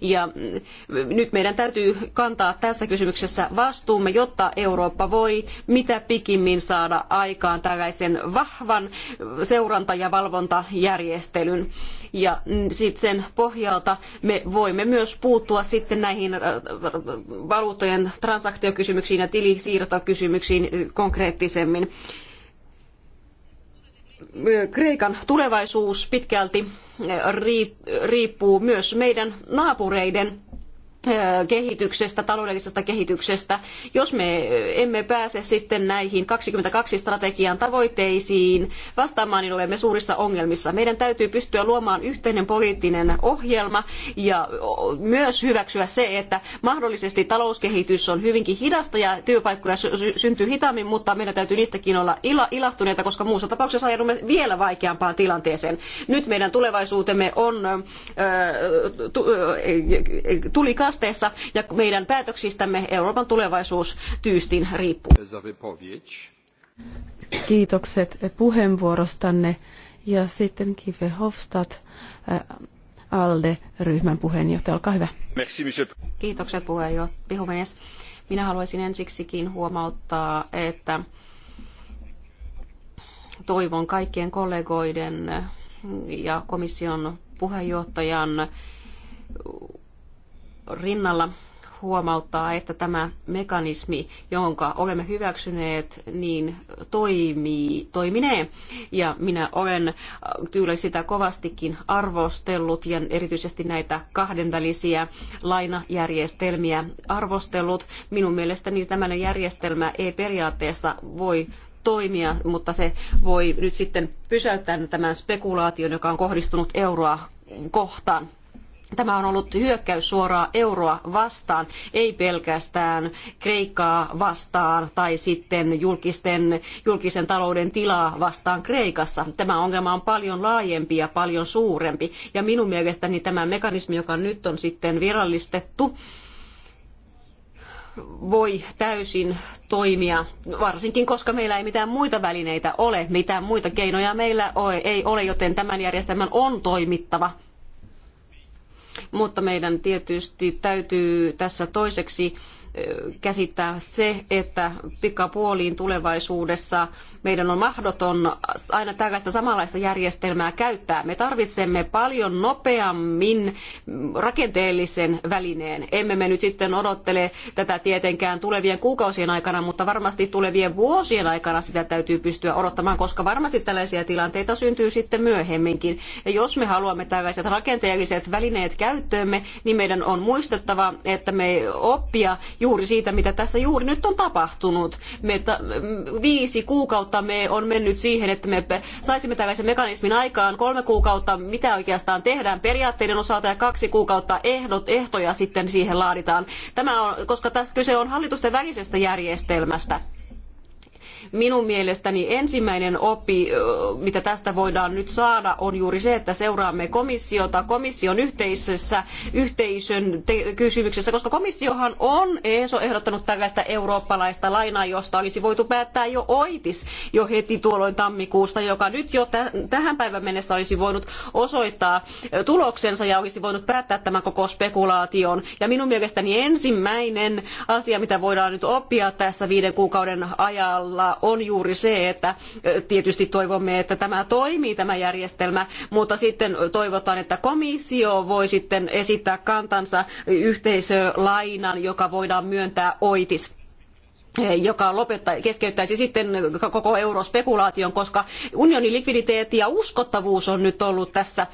ja mm, nyt meidän täytyy kantaa tässä kysymyksessä vastuumme, jotta Eurooppa voi mitä pikimmin saada aikaan tällaisen vahvan seuranta- ja valvontajärjestelyn. Ja mm, sitten sen pohjalta me voimme myös puuttua sitten näihin äh, valuuttojen transaktiokysymyksiin ja tilisiirtokysymyksiin konkreettisemmin. Kreikan tulevaisuus pitkälti riippuu myös meidän naapureiden kehityksestä, taloudellisesta kehityksestä, jos me emme pääse sitten näihin 22 strategian tavoitteisiin vastaamaan, niin olemme suurissa ongelmissa. Meidän täytyy pystyä luomaan yhteinen poliittinen ohjelma ja myös hyväksyä se, että mahdollisesti talouskehitys on hyvinkin hidasta ja työpaikkoja syntyy hitaammin, mutta meidän täytyy niistäkin olla ilahtuneita, koska muussa tapauksessa ajaudumme vielä vaikeampaan tilanteeseen. Nyt meidän tulevaisuutemme on tuli kasvamaan haasteessa ja meidän päätöksistämme Euroopan tulevaisuus tyystin riippuu. Kiitokset puheenvuorostanne ja sitten Kive Hofstad. Äh, ALDE-ryhmän puheenjohtaja. Olkaa hyvä. Merci, puhemies. Minä haluaisin ensiksikin huomauttaa, että toivon kaikkien kollegoiden ja komission puheenjohtajan rinnalla huomauttaa, että tämä mekanismi, jonka olemme hyväksyneet, niin toimii, toiminee. Ja minä olen tyyli äh, sitä kovastikin arvostellut ja erityisesti näitä kahdenvälisiä lainajärjestelmiä arvostellut. Minun mielestäni tämmöinen järjestelmä ei periaatteessa voi toimia, mutta se voi nyt sitten pysäyttää tämän spekulaation, joka on kohdistunut euroa kohtaan Tämä on ollut hyökkäys suoraan euroa vastaan, ei pelkästään Kreikkaa vastaan tai sitten julkisten, julkisen talouden tilaa vastaan Kreikassa. Tämä ongelma on paljon laajempi ja paljon suurempi. Ja minun mielestäni tämä mekanismi, joka nyt on sitten virallistettu, voi täysin toimia, varsinkin koska meillä ei mitään muita välineitä ole, mitään muita keinoja meillä ei ole, joten tämän järjestelmän on toimittava mutta meidän tietysti täytyy tässä toiseksi käsittää se, että pikapuoliin tulevaisuudessa meidän on mahdoton aina tällaista samanlaista järjestelmää käyttää. Me tarvitsemme paljon nopeammin rakenteellisen välineen. Emme me nyt sitten odottele tätä tietenkään tulevien kuukausien aikana, mutta varmasti tulevien vuosien aikana sitä täytyy pystyä odottamaan, koska varmasti tällaisia tilanteita syntyy sitten myöhemminkin. Ja jos me haluamme tällaiset rakenteelliset välineet käyttöömme, niin meidän on muistettava, että me oppia juuri siitä, mitä tässä juuri nyt on tapahtunut. Me ta- viisi kuukautta me on mennyt siihen, että me saisimme tällaisen mekanismin aikaan, kolme kuukautta mitä oikeastaan tehdään periaatteiden osalta ja kaksi kuukautta ehdot, ehtoja sitten siihen laaditaan. Tämä on, koska tässä kyse on hallitusten välisestä järjestelmästä. Minun mielestäni ensimmäinen oppi, mitä tästä voidaan nyt saada, on juuri se, että seuraamme komissiota komission yhteisessä yhteisön kysymyksessä, koska komissiohan on ESO ehdottanut tällaista eurooppalaista lainaa, josta olisi voitu päättää jo oitis jo heti tuolloin tammikuusta, joka nyt jo tähän päivän mennessä olisi voinut osoittaa tuloksensa ja olisi voinut päättää tämän koko spekulaation. Ja minun mielestäni ensimmäinen asia, mitä voidaan nyt oppia tässä viiden kuukauden ajalla, on juuri se, että tietysti toivomme, että tämä toimii tämä järjestelmä, mutta sitten toivotaan, että komissio voi sitten esittää kantansa yhteisölainan, joka voidaan myöntää oitis Eh, joka lopettaa, keskeyttäisi sitten koko eurospekulaation, koska unionin likviditeetti ja uskottavuus on nyt ollut tässä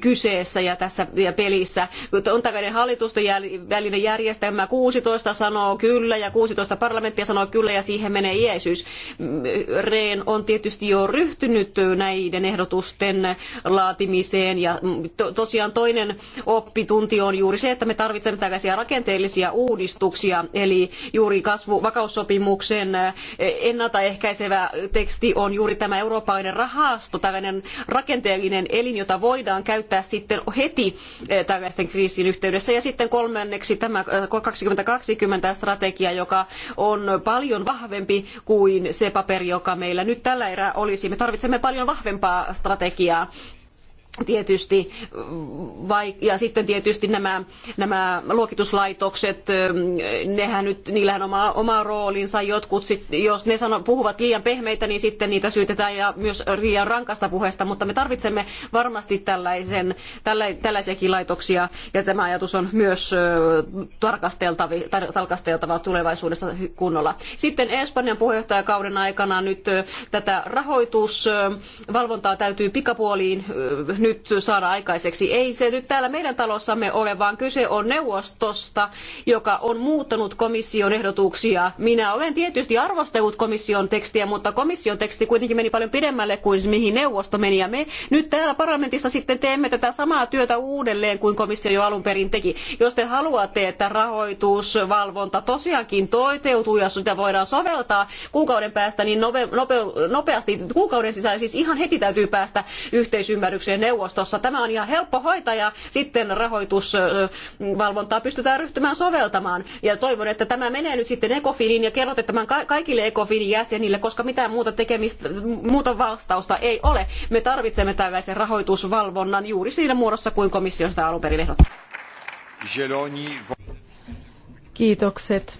kyseessä ja tässä pelissä. Tontaveden hallitusten välinen järjestelmä 16 sanoo kyllä ja 16 parlamenttia sanoo kyllä ja siihen menee iäisyys. Rehn on tietysti jo ryhtynyt näiden ehdotusten laatimiseen ja to tosiaan toinen oppitunti on juuri se, että me tarvitsemme tällaisia rakenteellisia uudistuksia, eli juuri kasvu, vakaus perussopimuksen ennaltaehkäisevä teksti on juuri tämä eurooppalainen rahasto, tällainen rakenteellinen elin, jota voidaan käyttää sitten heti eh, tällaisten kriisin yhteydessä. Ja sitten kolmanneksi tämä 2020 eh, strategia, joka on paljon vahvempi kuin se paperi, joka meillä nyt tällä erää olisi. Me tarvitsemme paljon vahvempaa strategiaa Tietysti, vai, ja sitten tietysti nämä, nämä luokituslaitokset, nehän nyt, niillähän on oma, oma roolinsa. Jotkut, sit, jos ne sano, puhuvat liian pehmeitä, niin sitten niitä syytetään ja myös liian rankasta puheesta. Mutta me tarvitsemme varmasti tällaisen, tällaisiakin laitoksia, ja tämä ajatus on myös tarkasteltava, tarkasteltava tulevaisuudessa kunnolla. Sitten Espanjan puheenjohtajakauden aikana nyt tätä rahoitusvalvontaa täytyy pikapuoliin nyt nyt saada aikaiseksi. Ei se nyt täällä meidän talossamme ole, vaan kyse on neuvostosta, joka on muuttanut komission ehdotuksia. Minä olen tietysti arvostellut komission tekstiä, mutta komission teksti kuitenkin meni paljon pidemmälle kuin mihin neuvosto meni. Ja me nyt täällä parlamentissa sitten teemme tätä samaa työtä uudelleen kuin komissio jo alun perin teki. Jos te haluatte, että rahoitusvalvonta tosiaankin toteutuu ja sitä voidaan soveltaa kuukauden päästä, niin nopeasti kuukauden sisällä siis ihan heti täytyy päästä yhteisymmärrykseen neuvostossa neuvostossa. Tämä on ihan helppo hoitaa ja sitten rahoitusvalvontaa pystytään ryhtymään soveltamaan. Ja toivon, että tämä menee nyt sitten Ecofinin ja kerrotte tämän kaikille Ecofinin jäsenille, koska mitään muuta tekemistä, muuta vastausta ei ole. Me tarvitsemme tällaisen rahoitusvalvonnan juuri siinä muodossa kuin komissio sitä alun perin ehdottaa. Kiitokset.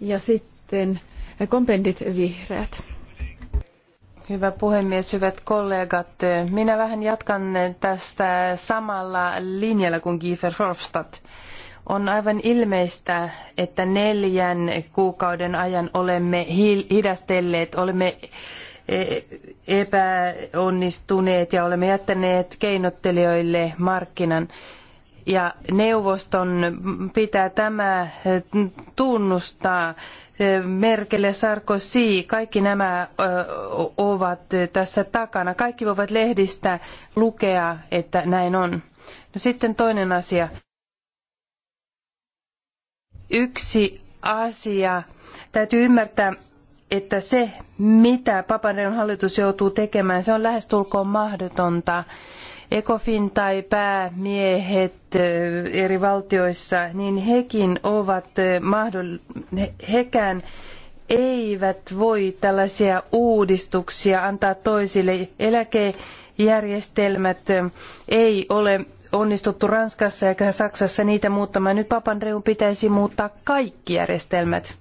Ja sitten kompendit vihreät. Hyvä puhemies, hyvät kollegat. Minä vähän jatkan tästä samalla linjalla kuin Giefer Hofstadt. On aivan ilmeistä, että neljän kuukauden ajan olemme hidastelleet, olemme e, epäonnistuneet ja olemme jättäneet keinottelijoille markkinan. Ja neuvoston pitää tämä tunnustaa Merkel ja Sarkozy, kaikki nämä ovat tässä takana. Kaikki voivat lehdistä lukea, että näin on. No sitten toinen asia. Yksi asia. Täytyy ymmärtää, että se, mitä Papaneon hallitus joutuu tekemään, se on lähestulkoon mahdotonta. ECOFIN tai päämiehet eri valtioissa, niin hekin ovat mahdoll- hekään eivät voi tällaisia uudistuksia antaa toisille. Eläkejärjestelmät ei ole onnistuttu Ranskassa ja Saksassa niitä muuttamaan. Nyt Papandreun pitäisi muuttaa kaikki järjestelmät.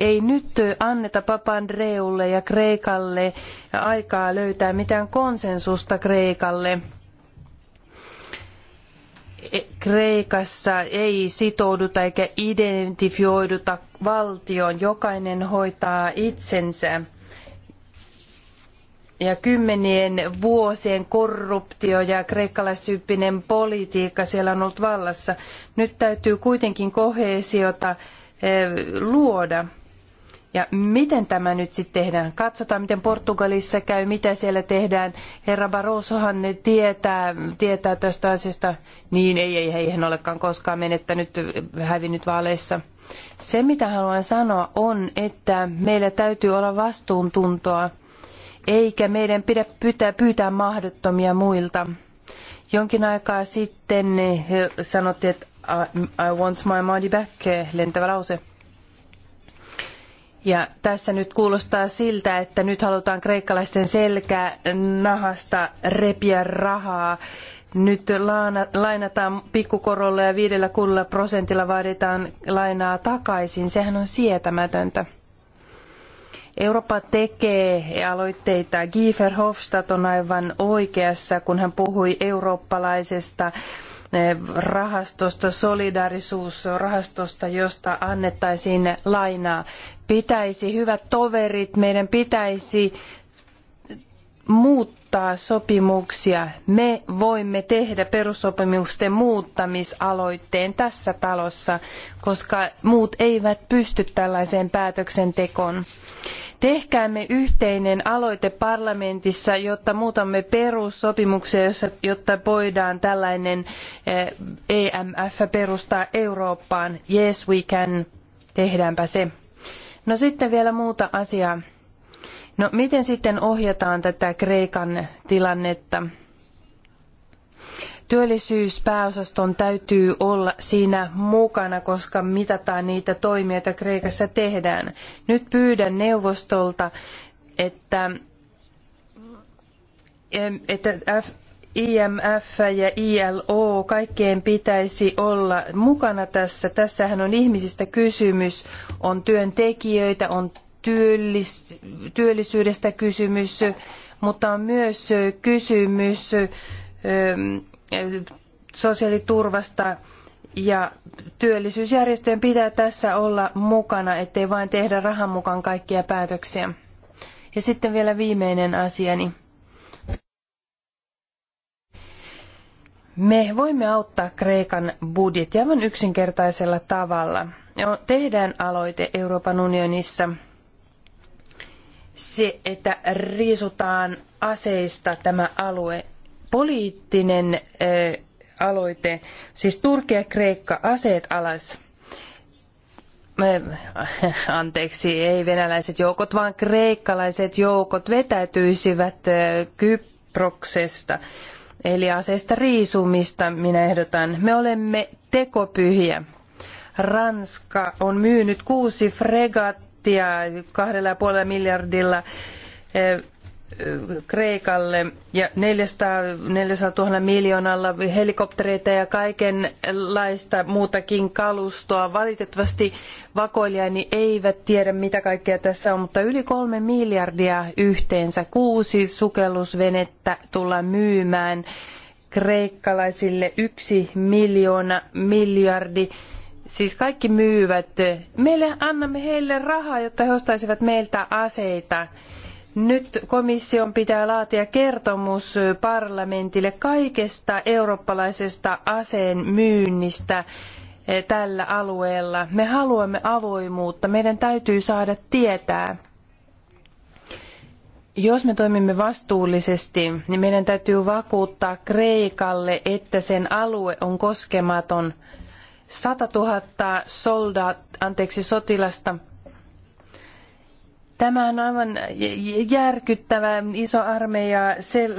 Ei nyt anneta Papandreulle ja Kreikalle aikaa löytää mitään konsensusta Kreikalle Kreikassa ei sitouduta eikä identifioiduta valtioon. Jokainen hoitaa itsensä. Ja kymmenien vuosien korruptio ja kreikkalaistyyppinen politiikka siellä on ollut vallassa. Nyt täytyy kuitenkin kohesiota eh, luoda. Ja miten tämä nyt sitten tehdään? Katsotaan, miten Portugalissa käy, mitä siellä tehdään. Herra Barrosohan ne tietää, tietää tästä asiasta. Niin, ei, ei, ei hän olekaan koskaan menettänyt, hävinnyt vaaleissa. Se, mitä haluan sanoa, on, että meillä täytyy olla vastuuntuntoa, eikä meidän pidä pyytää, pyytää mahdottomia muilta. Jonkin aikaa sitten eh, sanottiin, että I, I want my money back, eh, lentävä lause – ja tässä nyt kuulostaa siltä, että nyt halutaan kreikkalaisten selkää nahasta repiä rahaa. Nyt lainataan pikkukorolla ja viidellä kuudella prosentilla vaaditaan lainaa takaisin. Sehän on sietämätöntä. Eurooppa tekee aloitteita. Guy Verhofstadt on aivan oikeassa, kun hän puhui eurooppalaisesta rahastosta, solidarisuusrahastosta, josta annettaisiin lainaa. Pitäisi, hyvät toverit, meidän pitäisi muuttaa sopimuksia. Me voimme tehdä perussopimusten muuttamisaloitteen tässä talossa, koska muut eivät pysty tällaiseen päätöksentekoon. Tehkäämme yhteinen aloite parlamentissa, jotta muutamme perussopimuksen, jotta voidaan tällainen EMF eh, e perustaa Eurooppaan. Yes, we can. Tehdäänpä se. No sitten vielä muuta asiaa. No miten sitten ohjataan tätä Kreikan tilannetta? Työllisyyspääosaston täytyy olla siinä mukana, koska mitataan niitä toimia, joita Kreikassa tehdään. Nyt pyydän neuvostolta, että, että F, IMF ja ILO, kaikkien pitäisi olla mukana tässä. Tässähän on ihmisistä kysymys, on työntekijöitä, on työllis, työllisyydestä kysymys, mutta on myös kysymys sosiaaliturvasta ja työllisyysjärjestöjen pitää tässä olla mukana, ettei vain tehdä rahan mukaan kaikkia päätöksiä. Ja sitten vielä viimeinen asiani. Me voimme auttaa Kreikan budjettia aivan yksinkertaisella tavalla. Tehdään aloite Euroopan unionissa se, että riisutaan aseista tämä alue poliittinen aloite, siis Turkki ja Kreikka aseet alas. Anteeksi, ei venäläiset joukot, vaan kreikkalaiset joukot vetäytyisivät Kyproksesta. Eli aseista riisumista minä ehdotan. Me olemme tekopyhiä. Ranska on myynyt kuusi fregattia kahdella ja puolella miljardilla Kreikalle ja 400, 400 000 miljoonalla helikoptereita ja kaikenlaista muutakin kalustoa. Valitettavasti vakoilijani eivät tiedä, mitä kaikkea tässä on, mutta yli kolme miljardia yhteensä. Kuusi sukellusvenettä tullaan myymään kreikkalaisille yksi miljoona miljardi. Siis kaikki myyvät. Meille annamme heille rahaa, jotta he ostaisivat meiltä aseita. Nyt komission pitää laatia kertomus parlamentille kaikesta eurooppalaisesta aseen myynnistä eh, tällä alueella. Me haluamme avoimuutta. Meidän täytyy saada tietää. Jos me toimimme vastuullisesti, niin meidän täytyy vakuuttaa Kreikalle, että sen alue on koskematon. 100 000 soldaat, anteeksi, sotilasta Tämä on aivan järkyttävä iso armeija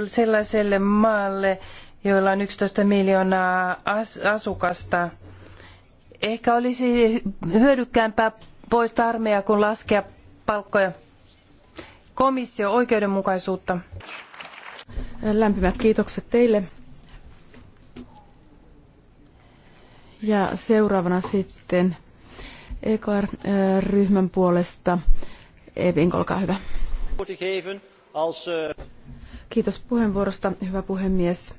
sellaiselle maalle, joilla on 11 miljoonaa asukasta. Ehkä olisi hyödykkäämpää poistaa armeija kuin laskea palkkoja. Komissio oikeudenmukaisuutta. Lämpimät kiitokset teille. Ja seuraavana sitten EKR-ryhmän eh, puolesta olkaa hyvä. Kiitos puheenvuorosta, hyvä puhemies.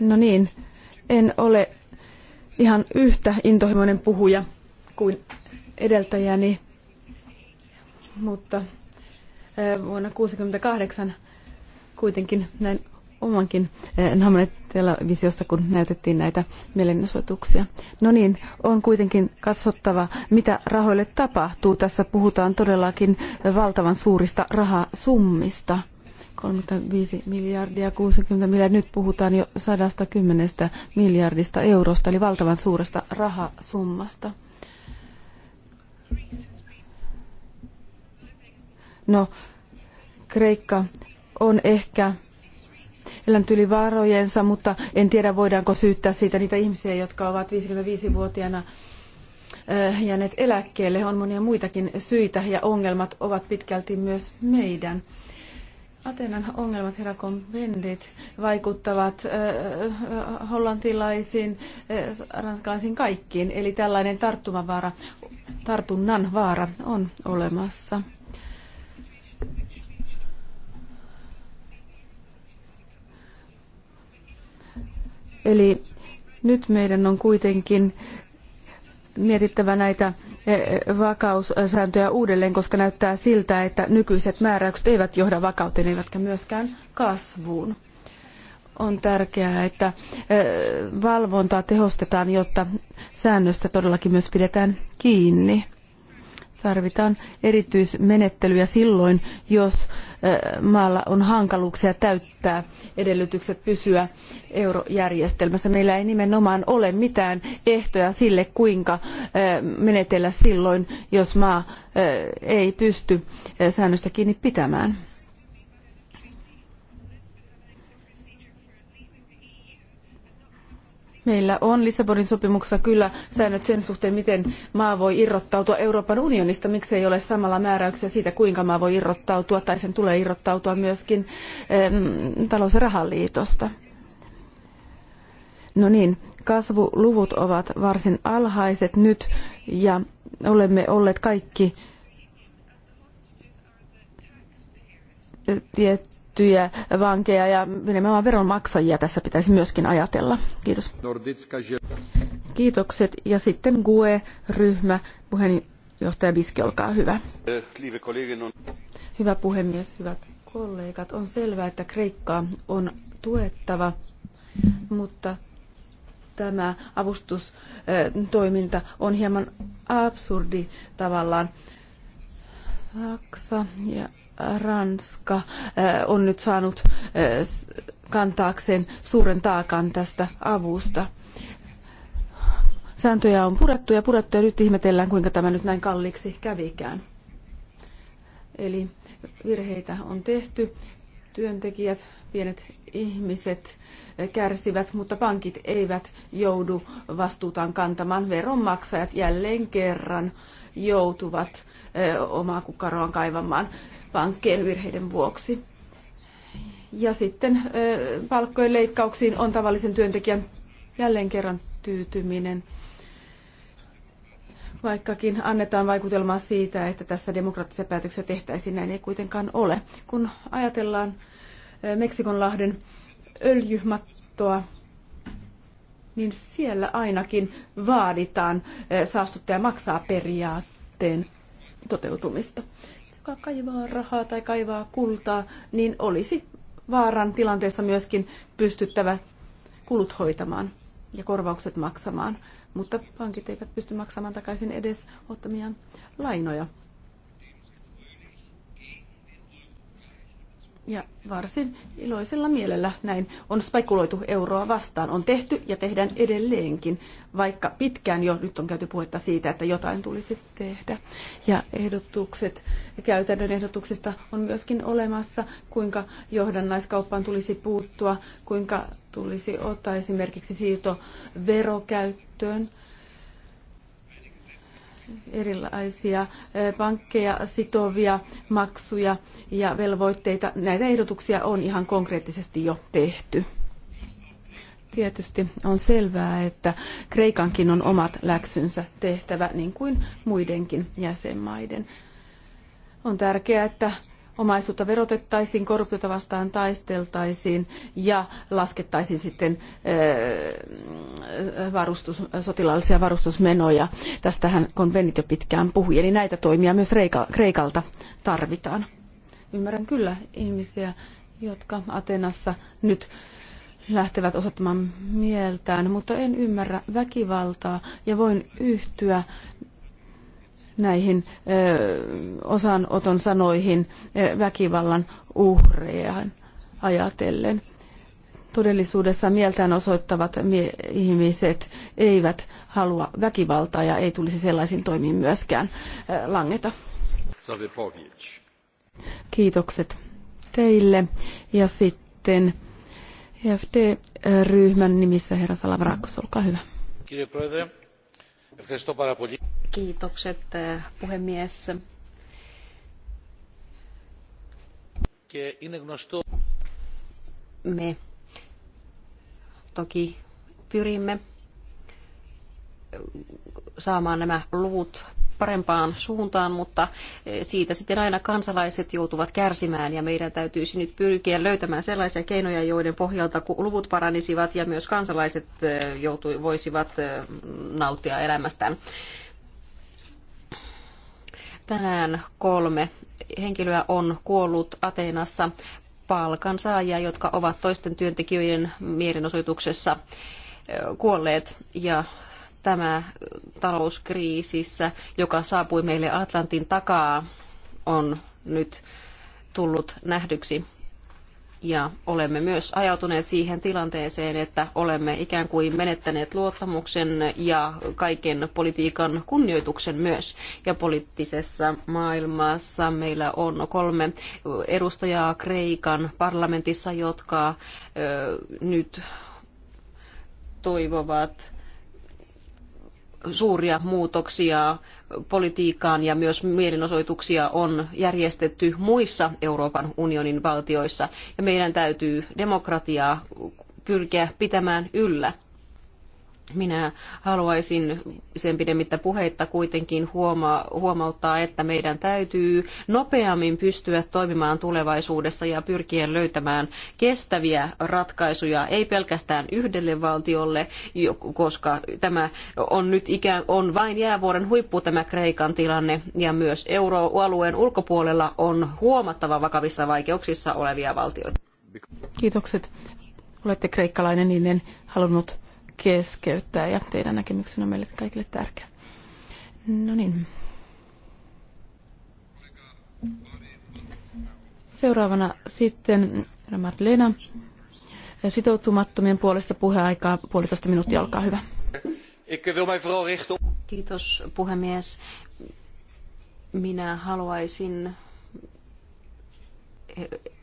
No niin, en ole ihan yhtä intohimoinen puhuja kuin edeltäjäni, mutta äh, vuonna 1968 kuitenkin näin omankin eh, namenet televisiosta, kun näytettiin näitä mielenosoituksia. No niin, on kuitenkin katsottava, mitä rahoille tapahtuu. Tässä puhutaan todellakin valtavan suurista rahasummista. 35 miljardia, 60 miljardia. Nyt puhutaan jo 110 miljardista eurosta, eli valtavan suuresta rahasummasta. No, Kreikka on ehkä elänyt yli varojensa, mutta en tiedä voidaanko syyttää siitä niitä ihmisiä, jotka ovat 55-vuotiaana eh, jääneet eläkkeelle. On monia muitakin syitä ja ongelmat ovat pitkälti myös meidän. Atenan ongelmat, herra konventit, vaikuttavat äh, hollantilaisiin, äh, ranskalaisiin kaikkiin. Eli tällainen tarttumavaara, tartunnan vaara on olemassa. Eli nyt meidän on kuitenkin mietittävä näitä e, e, vakaussääntöjä uudelleen, koska näyttää siltä, että nykyiset määräykset eivät johda vakauteen eivätkä myöskään kasvuun. On tärkeää, että e, valvontaa tehostetaan, jotta säännöstä todellakin myös pidetään kiinni tarvitaan erityismenettelyjä silloin, jos maalla on hankaluuksia täyttää edellytykset pysyä eurojärjestelmässä. Meillä ei nimenomaan ole mitään ehtoja sille, kuinka menetellä silloin, jos maa ei pysty säännöstä kiinni pitämään. Meillä on Lissabonin sopimuksessa kyllä säännöt sen suhteen, miten maa voi irrottautua Euroopan unionista. Miksi ei ole samalla määräyksiä siitä, kuinka maa voi irrottautua tai sen tulee irrottautua myöskin äm, talous- ja rahaliitosta. No niin, kasvuluvut ovat varsin alhaiset nyt ja olemme olleet kaikki eh, tiet pidätettyjä vankeja ja nimenomaan veronmaksajia tässä pitäisi myöskin ajatella. Kiitos. Kiitokset. Ja sitten GUE-ryhmä, puheenjohtaja Biski, olkaa hyvä. Hyvä puhemies, hyvät kollegat. On selvää, että Kreikkaa on tuettava, mutta tämä avustustoiminta on hieman absurdi tavallaan. Saksa ja Ranska eh, on nyt saanut eh, kantaakseen suuren taakan tästä avusta. Sääntöjä on purettu ja purettu ja nyt ihmetellään, kuinka tämä nyt näin kalliiksi kävikään. Eli virheitä on tehty. Työntekijät, pienet ihmiset kärsivät, mutta pankit eivät joudu vastuutaan kantamaan. Veronmaksajat jälleen kerran joutuvat eh, omaa kukkaroaan kaivamaan pankkien virheiden vuoksi. Ja sitten palkkojen leikkauksiin on tavallisen työntekijän jälleen kerran tyytyminen, vaikkakin annetaan vaikutelmaa siitä, että tässä demokraattisia päätöksiä tehtäisiin, näin ei kuitenkaan ole. Kun ajatellaan Meksikonlahden öljymattoa, niin siellä ainakin vaaditaan saastuttaja maksaa periaatteen toteutumista joka kaivaa rahaa tai kaivaa kultaa, niin olisi vaaran tilanteessa myöskin pystyttävä kulut hoitamaan ja korvaukset maksamaan, mutta pankit eivät pysty maksamaan takaisin edes ottamiaan lainoja. Ja varsin iloisella mielellä näin on spekuloitu euroa vastaan. On tehty ja tehdään edelleenkin, vaikka pitkään jo nyt on käyty puhetta siitä, että jotain tulisi tehdä. Ja ehdotukset, käytännön ehdotuksista on myöskin olemassa, kuinka johdannaiskauppaan tulisi puuttua, kuinka tulisi ottaa esimerkiksi siirto verokäyttöön erilaisia pankkeja sitovia maksuja ja velvoitteita. Näitä ehdotuksia on ihan konkreettisesti jo tehty. Tietysti on selvää, että Kreikankin on omat läksynsä tehtävä, niin kuin muidenkin jäsenmaiden. On tärkeää, että omaisuutta verotettaisiin, korruptiota vastaan taisteltaisiin ja laskettaisiin sitten eh, varustus, sotilaallisia varustusmenoja. Tästähän konvenit jo pitkään puhui, eli näitä toimia myös Kreikalta tarvitaan. Ymmärrän kyllä ihmisiä, jotka Atenassa nyt lähtevät osoittamaan mieltään, mutta en ymmärrä väkivaltaa ja voin yhtyä näihin osanoton sanoihin väkivallan uhrejaan ajatellen. Todellisuudessa mieltään osoittavat ihmiset eivät halua väkivaltaa ja ei tulisi sellaisiin toimiin myöskään langeta. Kiitokset teille. Ja sitten EFD-ryhmän nimissä herra Salavrakos, olkaa hyvä. Kiitos, Kiitokset puhemies. Me toki pyrimme saamaan nämä luvut parempaan suuntaan, mutta e, siitä sitten aina kansalaiset joutuvat kärsimään ja meidän täytyisi nyt pyrkiä löytämään sellaisia keinoja, joiden pohjalta luvut paranisivat ja myös kansalaiset e, joutu, voisivat e, nauttia elämästään. Tänään kolme henkilöä on kuollut Ateenassa palkansaajia, jotka ovat toisten työntekijöiden mielenosoituksessa kuolleet ja tämä talouskriisissä, joka saapui meille Atlantin takaa, on nyt tullut nähdyksi. Ja olemme myös ajautuneet siihen tilanteeseen, että olemme ikään kuin menettäneet luottamuksen ja kaiken politiikan kunnioituksen myös. Ja poliittisessa maailmassa meillä on kolme edustajaa Kreikan parlamentissa, jotka ö, nyt toivovat suuria muutoksia politiikkaan ja myös mielenosoituksia on järjestetty muissa Euroopan unionin valtioissa ja meidän täytyy demokratiaa pyrkiä pitämään yllä. Minä haluaisin sen pidemmittä puheitta kuitenkin huoma- huomauttaa, että meidän täytyy nopeammin pystyä toimimaan tulevaisuudessa ja pyrkiä löytämään kestäviä ratkaisuja, ei pelkästään yhdelle valtiolle, koska tämä on nyt ikään on vain jäävuoren huippu tämä Kreikan tilanne ja myös euroalueen ulkopuolella on huomattava vakavissa vaikeuksissa olevia valtioita. Kiitokset. Olette kreikkalainen, niin en halunnut keskeyttää ja teidän näkemyksenne on meille kaikille tärkeä. No niin. Seuraavana sitten Ramat Lena sitoutumattomien puolesta puheaikaa puolitoista minuuttia, olkaa hyvä. Kiitos puhemies. Minä haluaisin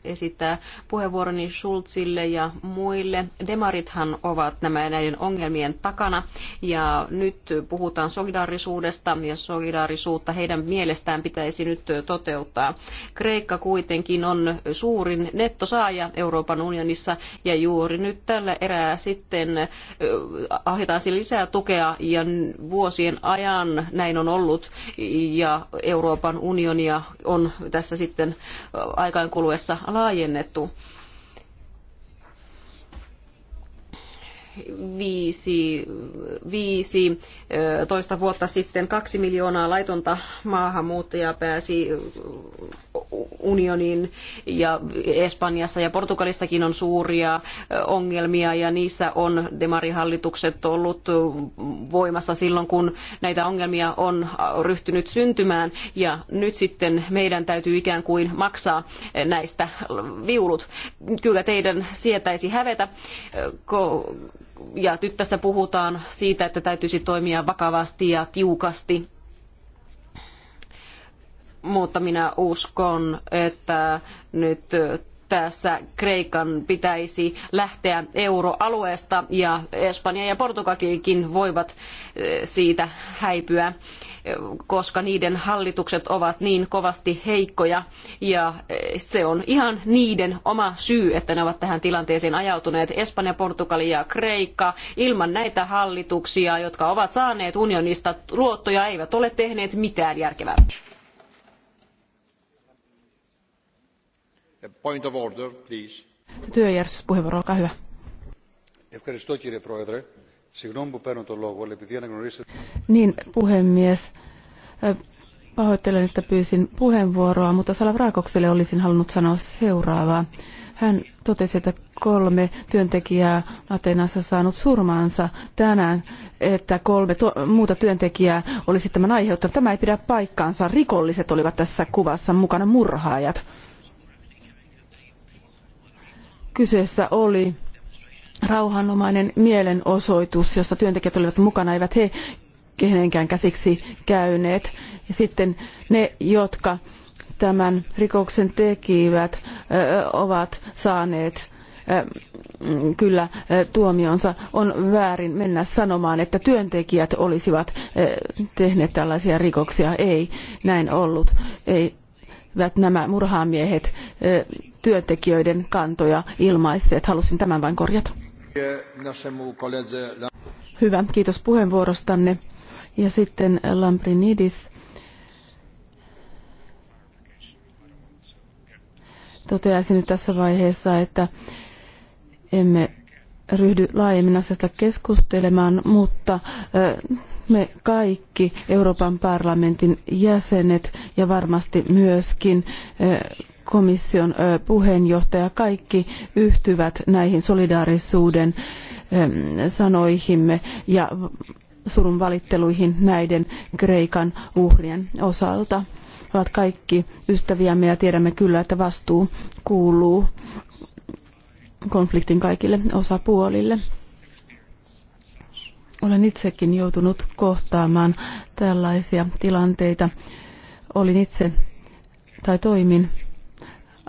esittää puheenvuoroni Schulzille ja muille. Demarithan ovat nämä näiden ongelmien takana ja nyt puhutaan solidaarisuudesta ja solidaarisuutta heidän mielestään pitäisi nyt toteuttaa. Kreikka kuitenkin on suurin nettosaaja Euroopan unionissa ja juuri nyt tällä erää sitten ahitaan lisää tukea ja vuosien ajan näin on ollut ja Euroopan unionia on tässä sitten aikaan kuluessa laajennettu. viisi, viisi toista vuotta sitten kaksi miljoonaa laitonta maahanmuuttajaa pääsi unioniin ja Espanjassa ja Portugalissakin on suuria ongelmia ja niissä on demarihallitukset ollut voimassa silloin, kun näitä ongelmia on ryhtynyt syntymään ja nyt sitten meidän täytyy ikään kuin maksaa näistä viulut. Kyllä teidän sietäisi hävetä, ja nyt tässä puhutaan siitä, että täytyisi toimia vakavasti ja tiukasti. Mutta minä uskon, että nyt tässä Kreikan pitäisi lähteä euroalueesta ja Espanja ja Portugalikin voivat eh, siitä häipyä koska niiden hallitukset ovat niin kovasti heikkoja ja eh, se on ihan niiden oma syy, että ne ovat tähän tilanteeseen ajautuneet. Espanja, Portugali ja Kreikka ilman näitä hallituksia, jotka ovat saaneet unionista luottoja, eivät ole tehneet mitään järkevää. Point of order, please. Työjärjestyspuheenvuoro, olkaa hyvä. Ευχαριστώ kirje, Πρόεδρε. Niin, puhemies. Pahoittelen, että pyysin puheenvuoroa, mutta salavraakokselle olisin halunnut sanoa seuraavaa. Hän totesi, että kolme työntekijää Atenassa saanut surmansa tänään, että kolme muuta työntekijää olisi tämän aiheuttanut. Tämä ei pidä paikkaansa. Rikolliset olivat tässä kuvassa mukana murhaajat. Kyseessä oli rauhanomainen mielenosoitus, jossa työntekijät olivat mukana, eivät he kenenkään käsiksi käyneet. Ja sitten ne, jotka tämän rikoksen tekivät, ovat saaneet mm, kyllä tuomionsa. On väärin mennä sanomaan, että työntekijät olisivat tehneet tällaisia rikoksia. Ei näin ollut. Eivät nämä murhaamiehet työntekijöiden kantoja ilmaisseet. Halusin tämän vain korjata. Hyvä, kiitos puheenvuorostanne. Ja sitten Lambrinidis. Toteaisin nyt tässä vaiheessa, että emme ryhdy laajemmin asiasta keskustelemaan, mutta me kaikki Euroopan parlamentin jäsenet ja varmasti myöskin komission puheenjohtaja, kaikki yhtyvät näihin solidaarisuuden sanoihimme ja surun valitteluihin näiden Kreikan uhrien osalta. Ovat kaikki ystäviämme ja tiedämme kyllä, että vastuu kuuluu konfliktin kaikille osapuolille. Olen itsekin joutunut kohtaamaan tällaisia tilanteita. Olin itse tai toimin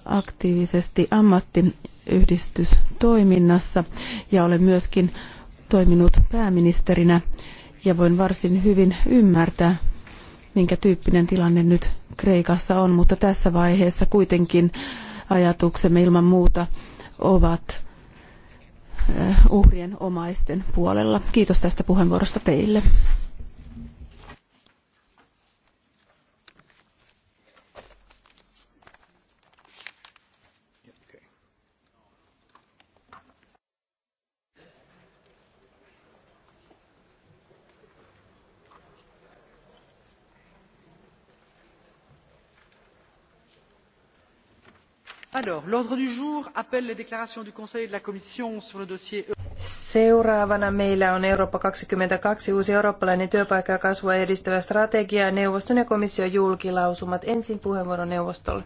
aktiivisesti ammattiyhdistystoiminnassa ja olen myöskin toiminut pääministerinä ja voin varsin hyvin ymmärtää, minkä tyyppinen tilanne nyt Kreikassa on, mutta tässä vaiheessa kuitenkin ajatuksemme ilman muuta ovat eh, uhrien omaisten puolella. Kiitos tästä puheenvuorosta teille. l'ordre du jour appelle les déclarations du Conseil et de la Commission sur le dossier e- Seuraavana meillä on Eurooppa 22, uusi eurooppalainen työpaikka ja kasvua edistävä strategia, neuvoston ja komission julkilausumat. Ensin puheenvuoro neuvostolle.